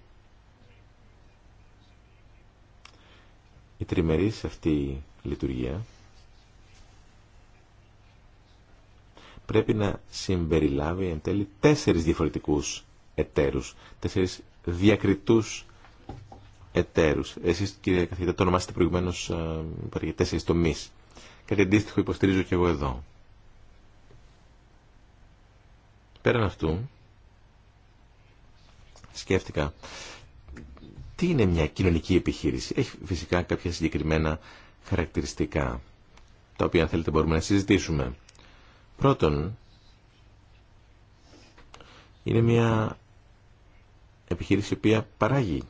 η σε αυτή λειτουργία πρέπει να συμπεριλάβει εν τέλει τέσσερις διαφορετικούς εταίρους, τέσσερις διακριτούς εταίρους. Εσείς κύριε καθηγητά το ονομάσετε προηγουμένως ε, τέσσερις τομείς. Κάτι αντίστοιχο υποστηρίζω και εγώ εδώ. Πέραν αυτού, σκέφτηκα, τι είναι μια κοινωνική επιχείρηση. Έχει φυσικά κάποια συγκεκριμένα χαρακτηριστικά, τα οποία αν θέλετε μπορούμε να συζητήσουμε. Πρώτον, είναι μια επιχείρηση η οποία παράγει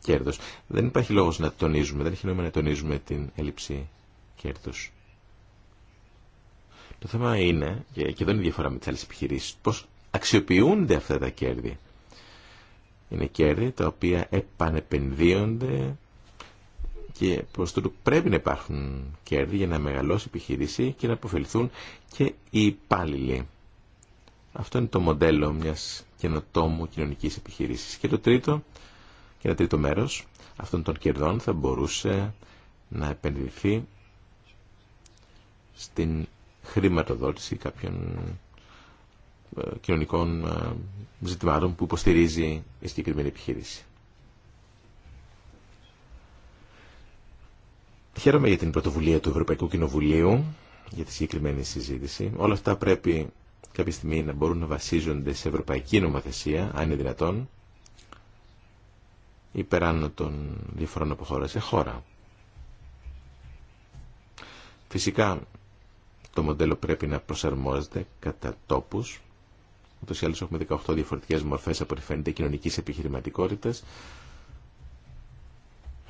κέρδος. Δεν υπάρχει λόγος να τονίζουμε, δεν έχει νόημα να τονίζουμε την έλλειψη κέρδους. Το θέμα είναι, και εδώ είναι η διαφορά με τις άλλες επιχειρήσεις, πώς αξιοποιούνται αυτά τα κέρδη. Είναι κέρδη τα οποία επανεπενδύονται και προς τούτο πρέπει να υπάρχουν κέρδη για να μεγαλώσει η επιχείρηση και να αποφεληθούν και οι υπάλληλοι. Αυτό είναι το μοντέλο μιας καινοτόμου κοινωνικής επιχείρησης. Και το τρίτο, και ένα τρίτο μέρος αυτών των κερδών θα μπορούσε να επενδυθεί στην χρηματοδότηση κάποιων ε, κοινωνικών ε, ζητημάτων που υποστηρίζει η συγκεκριμένη επιχείρηση. Χαίρομαι για την πρωτοβουλία του Ευρωπαϊκού Κοινοβουλίου για τη συγκεκριμένη συζήτηση. Όλα αυτά πρέπει κάποια στιγμή να μπορούν να βασίζονται σε ευρωπαϊκή νομοθεσία, αν είναι δυνατόν, υπεράνω των διαφορών από χώρα σε χώρα. Φυσικά, το μοντέλο πρέπει να προσαρμόζεται κατά τόπους. Ούτως ή άλλως έχουμε 18 διαφορετικές μορφές από ό,τι φαίνεται κοινωνικής επιχειρηματικότητας.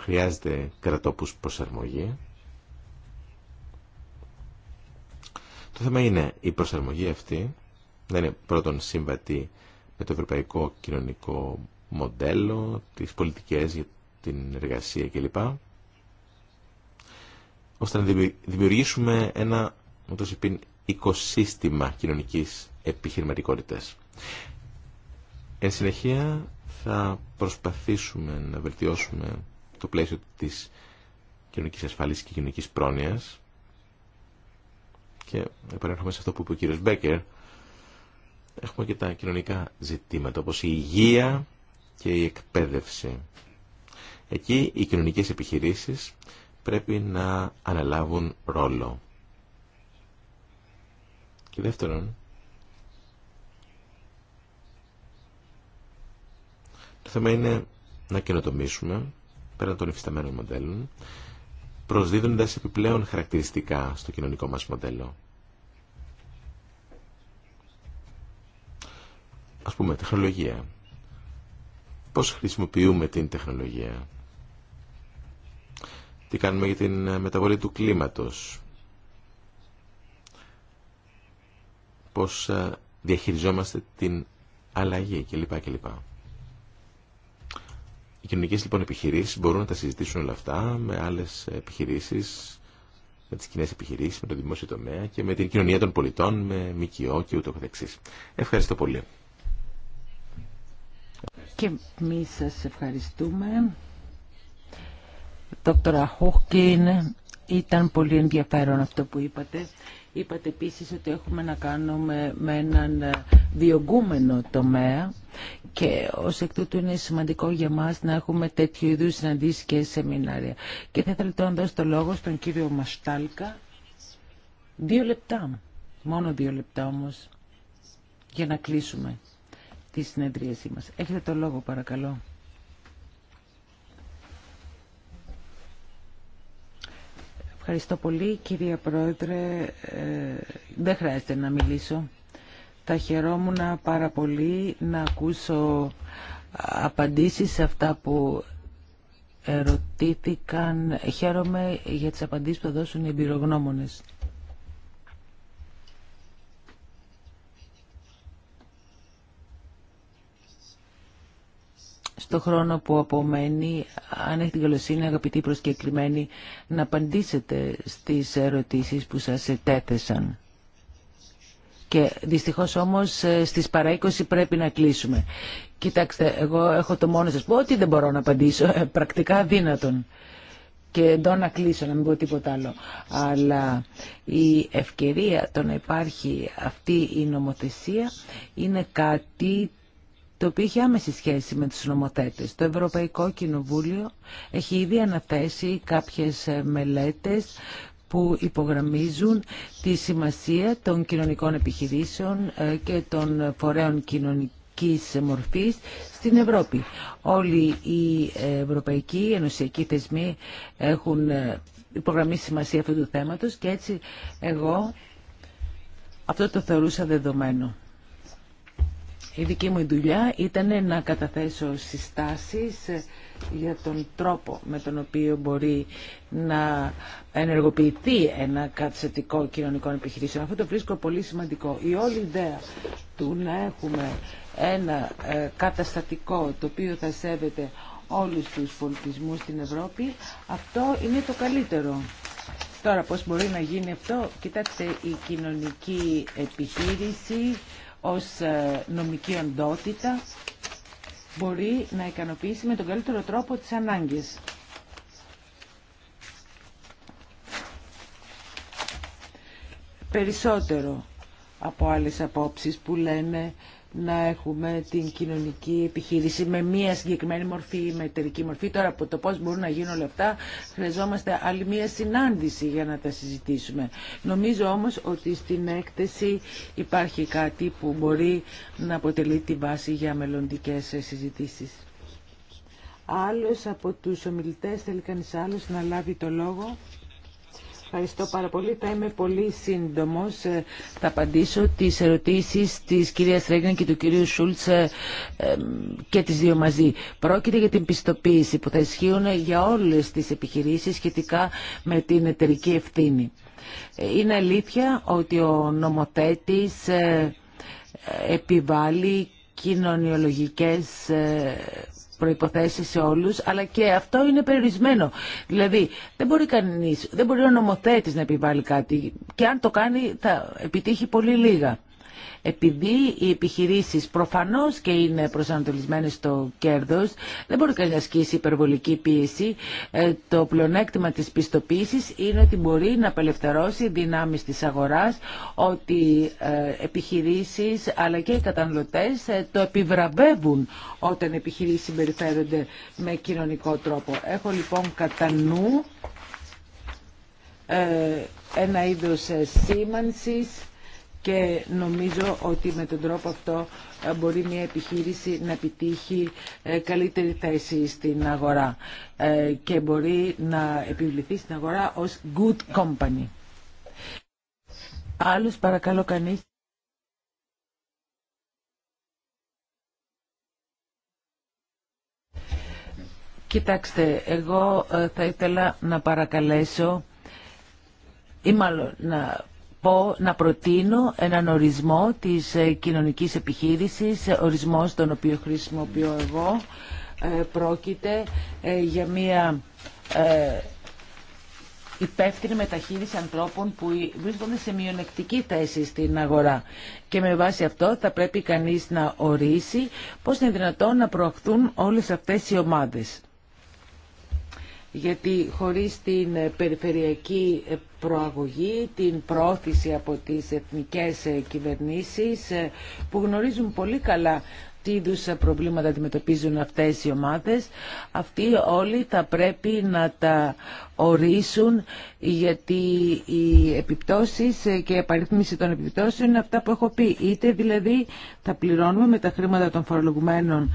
Χρειάζεται κρατόπους προσαρμογή. Το θέμα είναι η προσαρμογή αυτή να είναι πρώτον σύμβατη με το ευρωπαϊκό κοινωνικό μοντέλο, τις πολιτικές για την εργασία κλπ. ώστε να δημιουργήσουμε ένα ούτως οικοσύστημα κοινωνικής επιχειρηματικότητας. Εν συνεχεία θα προσπαθήσουμε να βελτιώσουμε στο πλαίσιο της κοινωνική ασφάλισης και κοινωνική πρόνοιας. Και επανέρχομαι σε αυτό που είπε ο κύριος Μπέκερ. Έχουμε και τα κοινωνικά ζητήματα, όπως η υγεία και η εκπαίδευση. Εκεί οι κοινωνικές επιχειρήσεις πρέπει να αναλάβουν ρόλο. Και δεύτερον, το θέμα είναι να καινοτομήσουμε πέραν των υφισταμένων μοντέλων, προσδίδοντας επιπλέον χαρακτηριστικά στο κοινωνικό μας μοντέλο. Ας πούμε, τεχνολογία. Πώς χρησιμοποιούμε την τεχνολογία. Τι κάνουμε για την μεταβολή του κλίματος. Πώς ε, διαχειριζόμαστε την αλλαγή κλπ. κλπ. Οι κοινωνικέ λοιπόν επιχειρήσει μπορούν να τα συζητήσουν όλα αυτά με άλλες επιχειρήσεις, με τις κοινέ επιχειρήσεις, με το δημόσιο τομέα και με την κοινωνία των πολιτών, με ΜΚΟ και ούτω καθεξή. Ευχαριστώ πολύ. Και εμεί σα ευχαριστούμε. Δόκτωρα Χόκκιν, ήταν πολύ ενδιαφέρον αυτό που είπατε Είπατε επίσης ότι έχουμε να κάνουμε με έναν ε, διωγγούμενο τομέα και ως εκ τούτου είναι σημαντικό για μας να έχουμε τέτοιου είδου συναντήσεις και σεμινάρια. Και θα ήθελα τώρα να δώσω το λόγο στον κύριο Μαστάλκα. Δύο λεπτά, μόνο δύο λεπτά όμως, για να κλείσουμε τη συνεδρίασή μας. Έχετε το λόγο παρακαλώ. Ευχαριστώ πολύ κυρία Πρόεδρε. Ε, δεν χρειάζεται να μιλήσω. Θα χαιρόμουν πάρα πολύ να ακούσω απαντήσεις σε αυτά που ερωτήθηκαν. Χαίρομαι για τις απαντήσεις που θα δώσουν οι εμπειρογνώμονες. στο χρόνο που απομένει, αν έχει την καλοσύνη αγαπητοί προσκεκλημένοι, να απαντήσετε στις ερωτήσεις που σας ετέθεσαν. Και δυστυχώς όμως ε, στις παρά 20 πρέπει να κλείσουμε. Κοιτάξτε, εγώ έχω το μόνο σας πω ότι δεν μπορώ να απαντήσω, ε, πρακτικά δύνατον. Και εδώ να κλείσω, να μην πω τίποτα άλλο. Αλλά η ευκαιρία το να υπάρχει αυτή η νομοθεσία είναι κάτι το οποίο έχει άμεση σχέση με τους νομοθέτες. Το Ευρωπαϊκό Κοινοβούλιο έχει ήδη αναθέσει κάποιες ε, μελέτες που υπογραμμίζουν τη σημασία των κοινωνικών επιχειρήσεων ε, και των φορέων κοινωνικής μορφής στην Ευρώπη. Όλοι οι ευρωπαϊκοί ενωσιακοί θεσμοί έχουν ε, υπογραμμίσει σημασία αυτού του θέματος και έτσι εγώ αυτό το θεωρούσα δεδομένο. Η δική μου δουλειά ήταν να καταθέσω συστάσεις ε, για τον τρόπο με τον οποίο μπορεί να ενεργοποιηθεί ένα καταστατικό κοινωνικό επιχειρήσεων. Αυτό το βρίσκω πολύ σημαντικό. Η όλη ιδέα του να έχουμε ένα ε, καταστατικό το οποίο θα σέβεται όλους τους πολιτισμούς στην Ευρώπη, αυτό είναι το καλύτερο. Τώρα πώς μπορεί να γίνει αυτό, κοιτάξτε η κοινωνική επιχείρηση ως ε, νομική οντότητα μπορεί να ικανοποιήσει με τον καλύτερο τρόπο τις ανάγκες. Περισσότερο από άλλες απόψεις που λένε να έχουμε την κοινωνική επιχείρηση με μία συγκεκριμένη μορφή, με εταιρική μορφή. Τώρα από το πώς μπορούν να γίνουν όλα αυτά χρειαζόμαστε άλλη μία συνάντηση για να τα συζητήσουμε. Νομίζω όμως ότι στην έκθεση υπάρχει κάτι που μπορεί να αποτελεί τη βάση για μελλοντικές συζητήσεις. Άλλος από τους ομιλητές θέλει κανείς άλλος να λάβει το λόγο. Ευχαριστώ πάρα πολύ. Θα είμαι πολύ σύντομο. Ε, θα απαντήσω τι ερωτήσει τη κυρία Ρέγκαν και του κυρίου Σούλτ ε, και τι δύο μαζί. Πρόκειται για την πιστοποίηση που θα ισχύουν για όλε τι επιχειρήσει σχετικά με την εταιρική ευθύνη. Ε, είναι αλήθεια ότι ο νομοθέτης επιβάλλει κοινωνιολογικές προϋποθέσεις σε όλους, αλλά και αυτό είναι περιορισμένο. Δηλαδή, δεν μπορεί κανείς, δεν μπορεί ο νομοθέτης να επιβάλλει κάτι και αν το κάνει θα επιτύχει πολύ λίγα. Επειδή οι επιχειρήσει προφανώς και είναι προσανατολισμένε στο κέρδος, δεν μπορεί κανεί να ασκήσει υπερβολική πίεση. Ε, το πλεονέκτημα της πιστοποίηση είναι ότι μπορεί να απελευθερώσει δυνάμει της αγοράς, ότι ε, επιχειρήσει, αλλά και οι καταναλωτές ε, το επιβραβεύουν όταν επιχειρήσει συμπεριφέρονται με κοινωνικό τρόπο. Έχω λοιπόν κατά νου ένα είδος σήμανσης και νομίζω ότι με τον τρόπο αυτό ε, μπορεί μια επιχείρηση να επιτύχει ε, καλύτερη θέση στην αγορά ε, και μπορεί να επιβληθεί στην αγορά ως good company. Άλλους παρακαλώ κανείς. Κοιτάξτε, εγώ θα ήθελα να παρακαλέσω ή μάλλον να πω, να προτείνω έναν ορισμό της ε, κοινωνικής επιχείρησης, ε, ορισμός τον οποίο χρησιμοποιώ εγώ, ε, πρόκειται για μια υπεύθυνη μεταχείριση ανθρώπων που βρίσκονται σε μειονεκτική θέση στην αγορά. Και με βάση αυτό θα πρέπει κανείς να ορίσει πώς είναι δυνατόν να προαχθούν όλες αυτές οι ομάδες γιατί χωρίς την ε, περιφερειακή ε, προαγωγή, την πρόθεση από τις εθνικές ε, κυβερνήσεις που γνωρίζουν πολύ καλά τι είδου προβλήματα αντιμετωπίζουν αυτές οι ομάδες, αυτοί όλοι θα πρέπει να τα ορίσουν γιατί οι επιπτώσεις και η επαρρύθμιση των επιπτώσεων είναι αυτά που έχω πει. Είτε δηλαδή θα πληρώνουμε με τα χρήματα των φορολογουμένων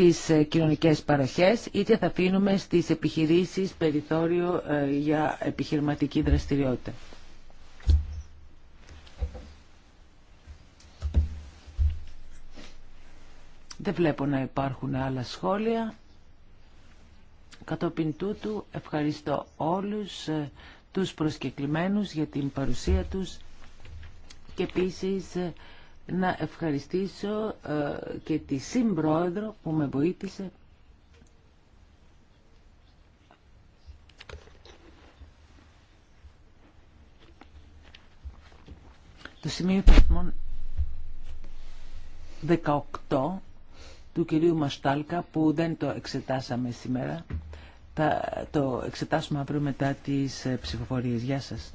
τις ε, κοινωνικές παροχές, είτε θα αφήνουμε στις επιχειρήσεις περιθώριο ε, για επιχειρηματική δραστηριότητα. Δεν βλέπω να υπάρχουν άλλα σχόλια. Κατόπιν τούτου ευχαριστώ όλους ε, τους προσκεκλημένους για την παρουσία τους και επίσης να ευχαριστήσω ε, και τη συμπρόεδρο που με βοήθησε το σημείο υπερθμών 18 του κυρίου Μαστάλκα που δεν το εξετάσαμε σήμερα. Θα το εξετάσουμε αύριο μετά τις ε, ψηφοφορίες. Γεια σας.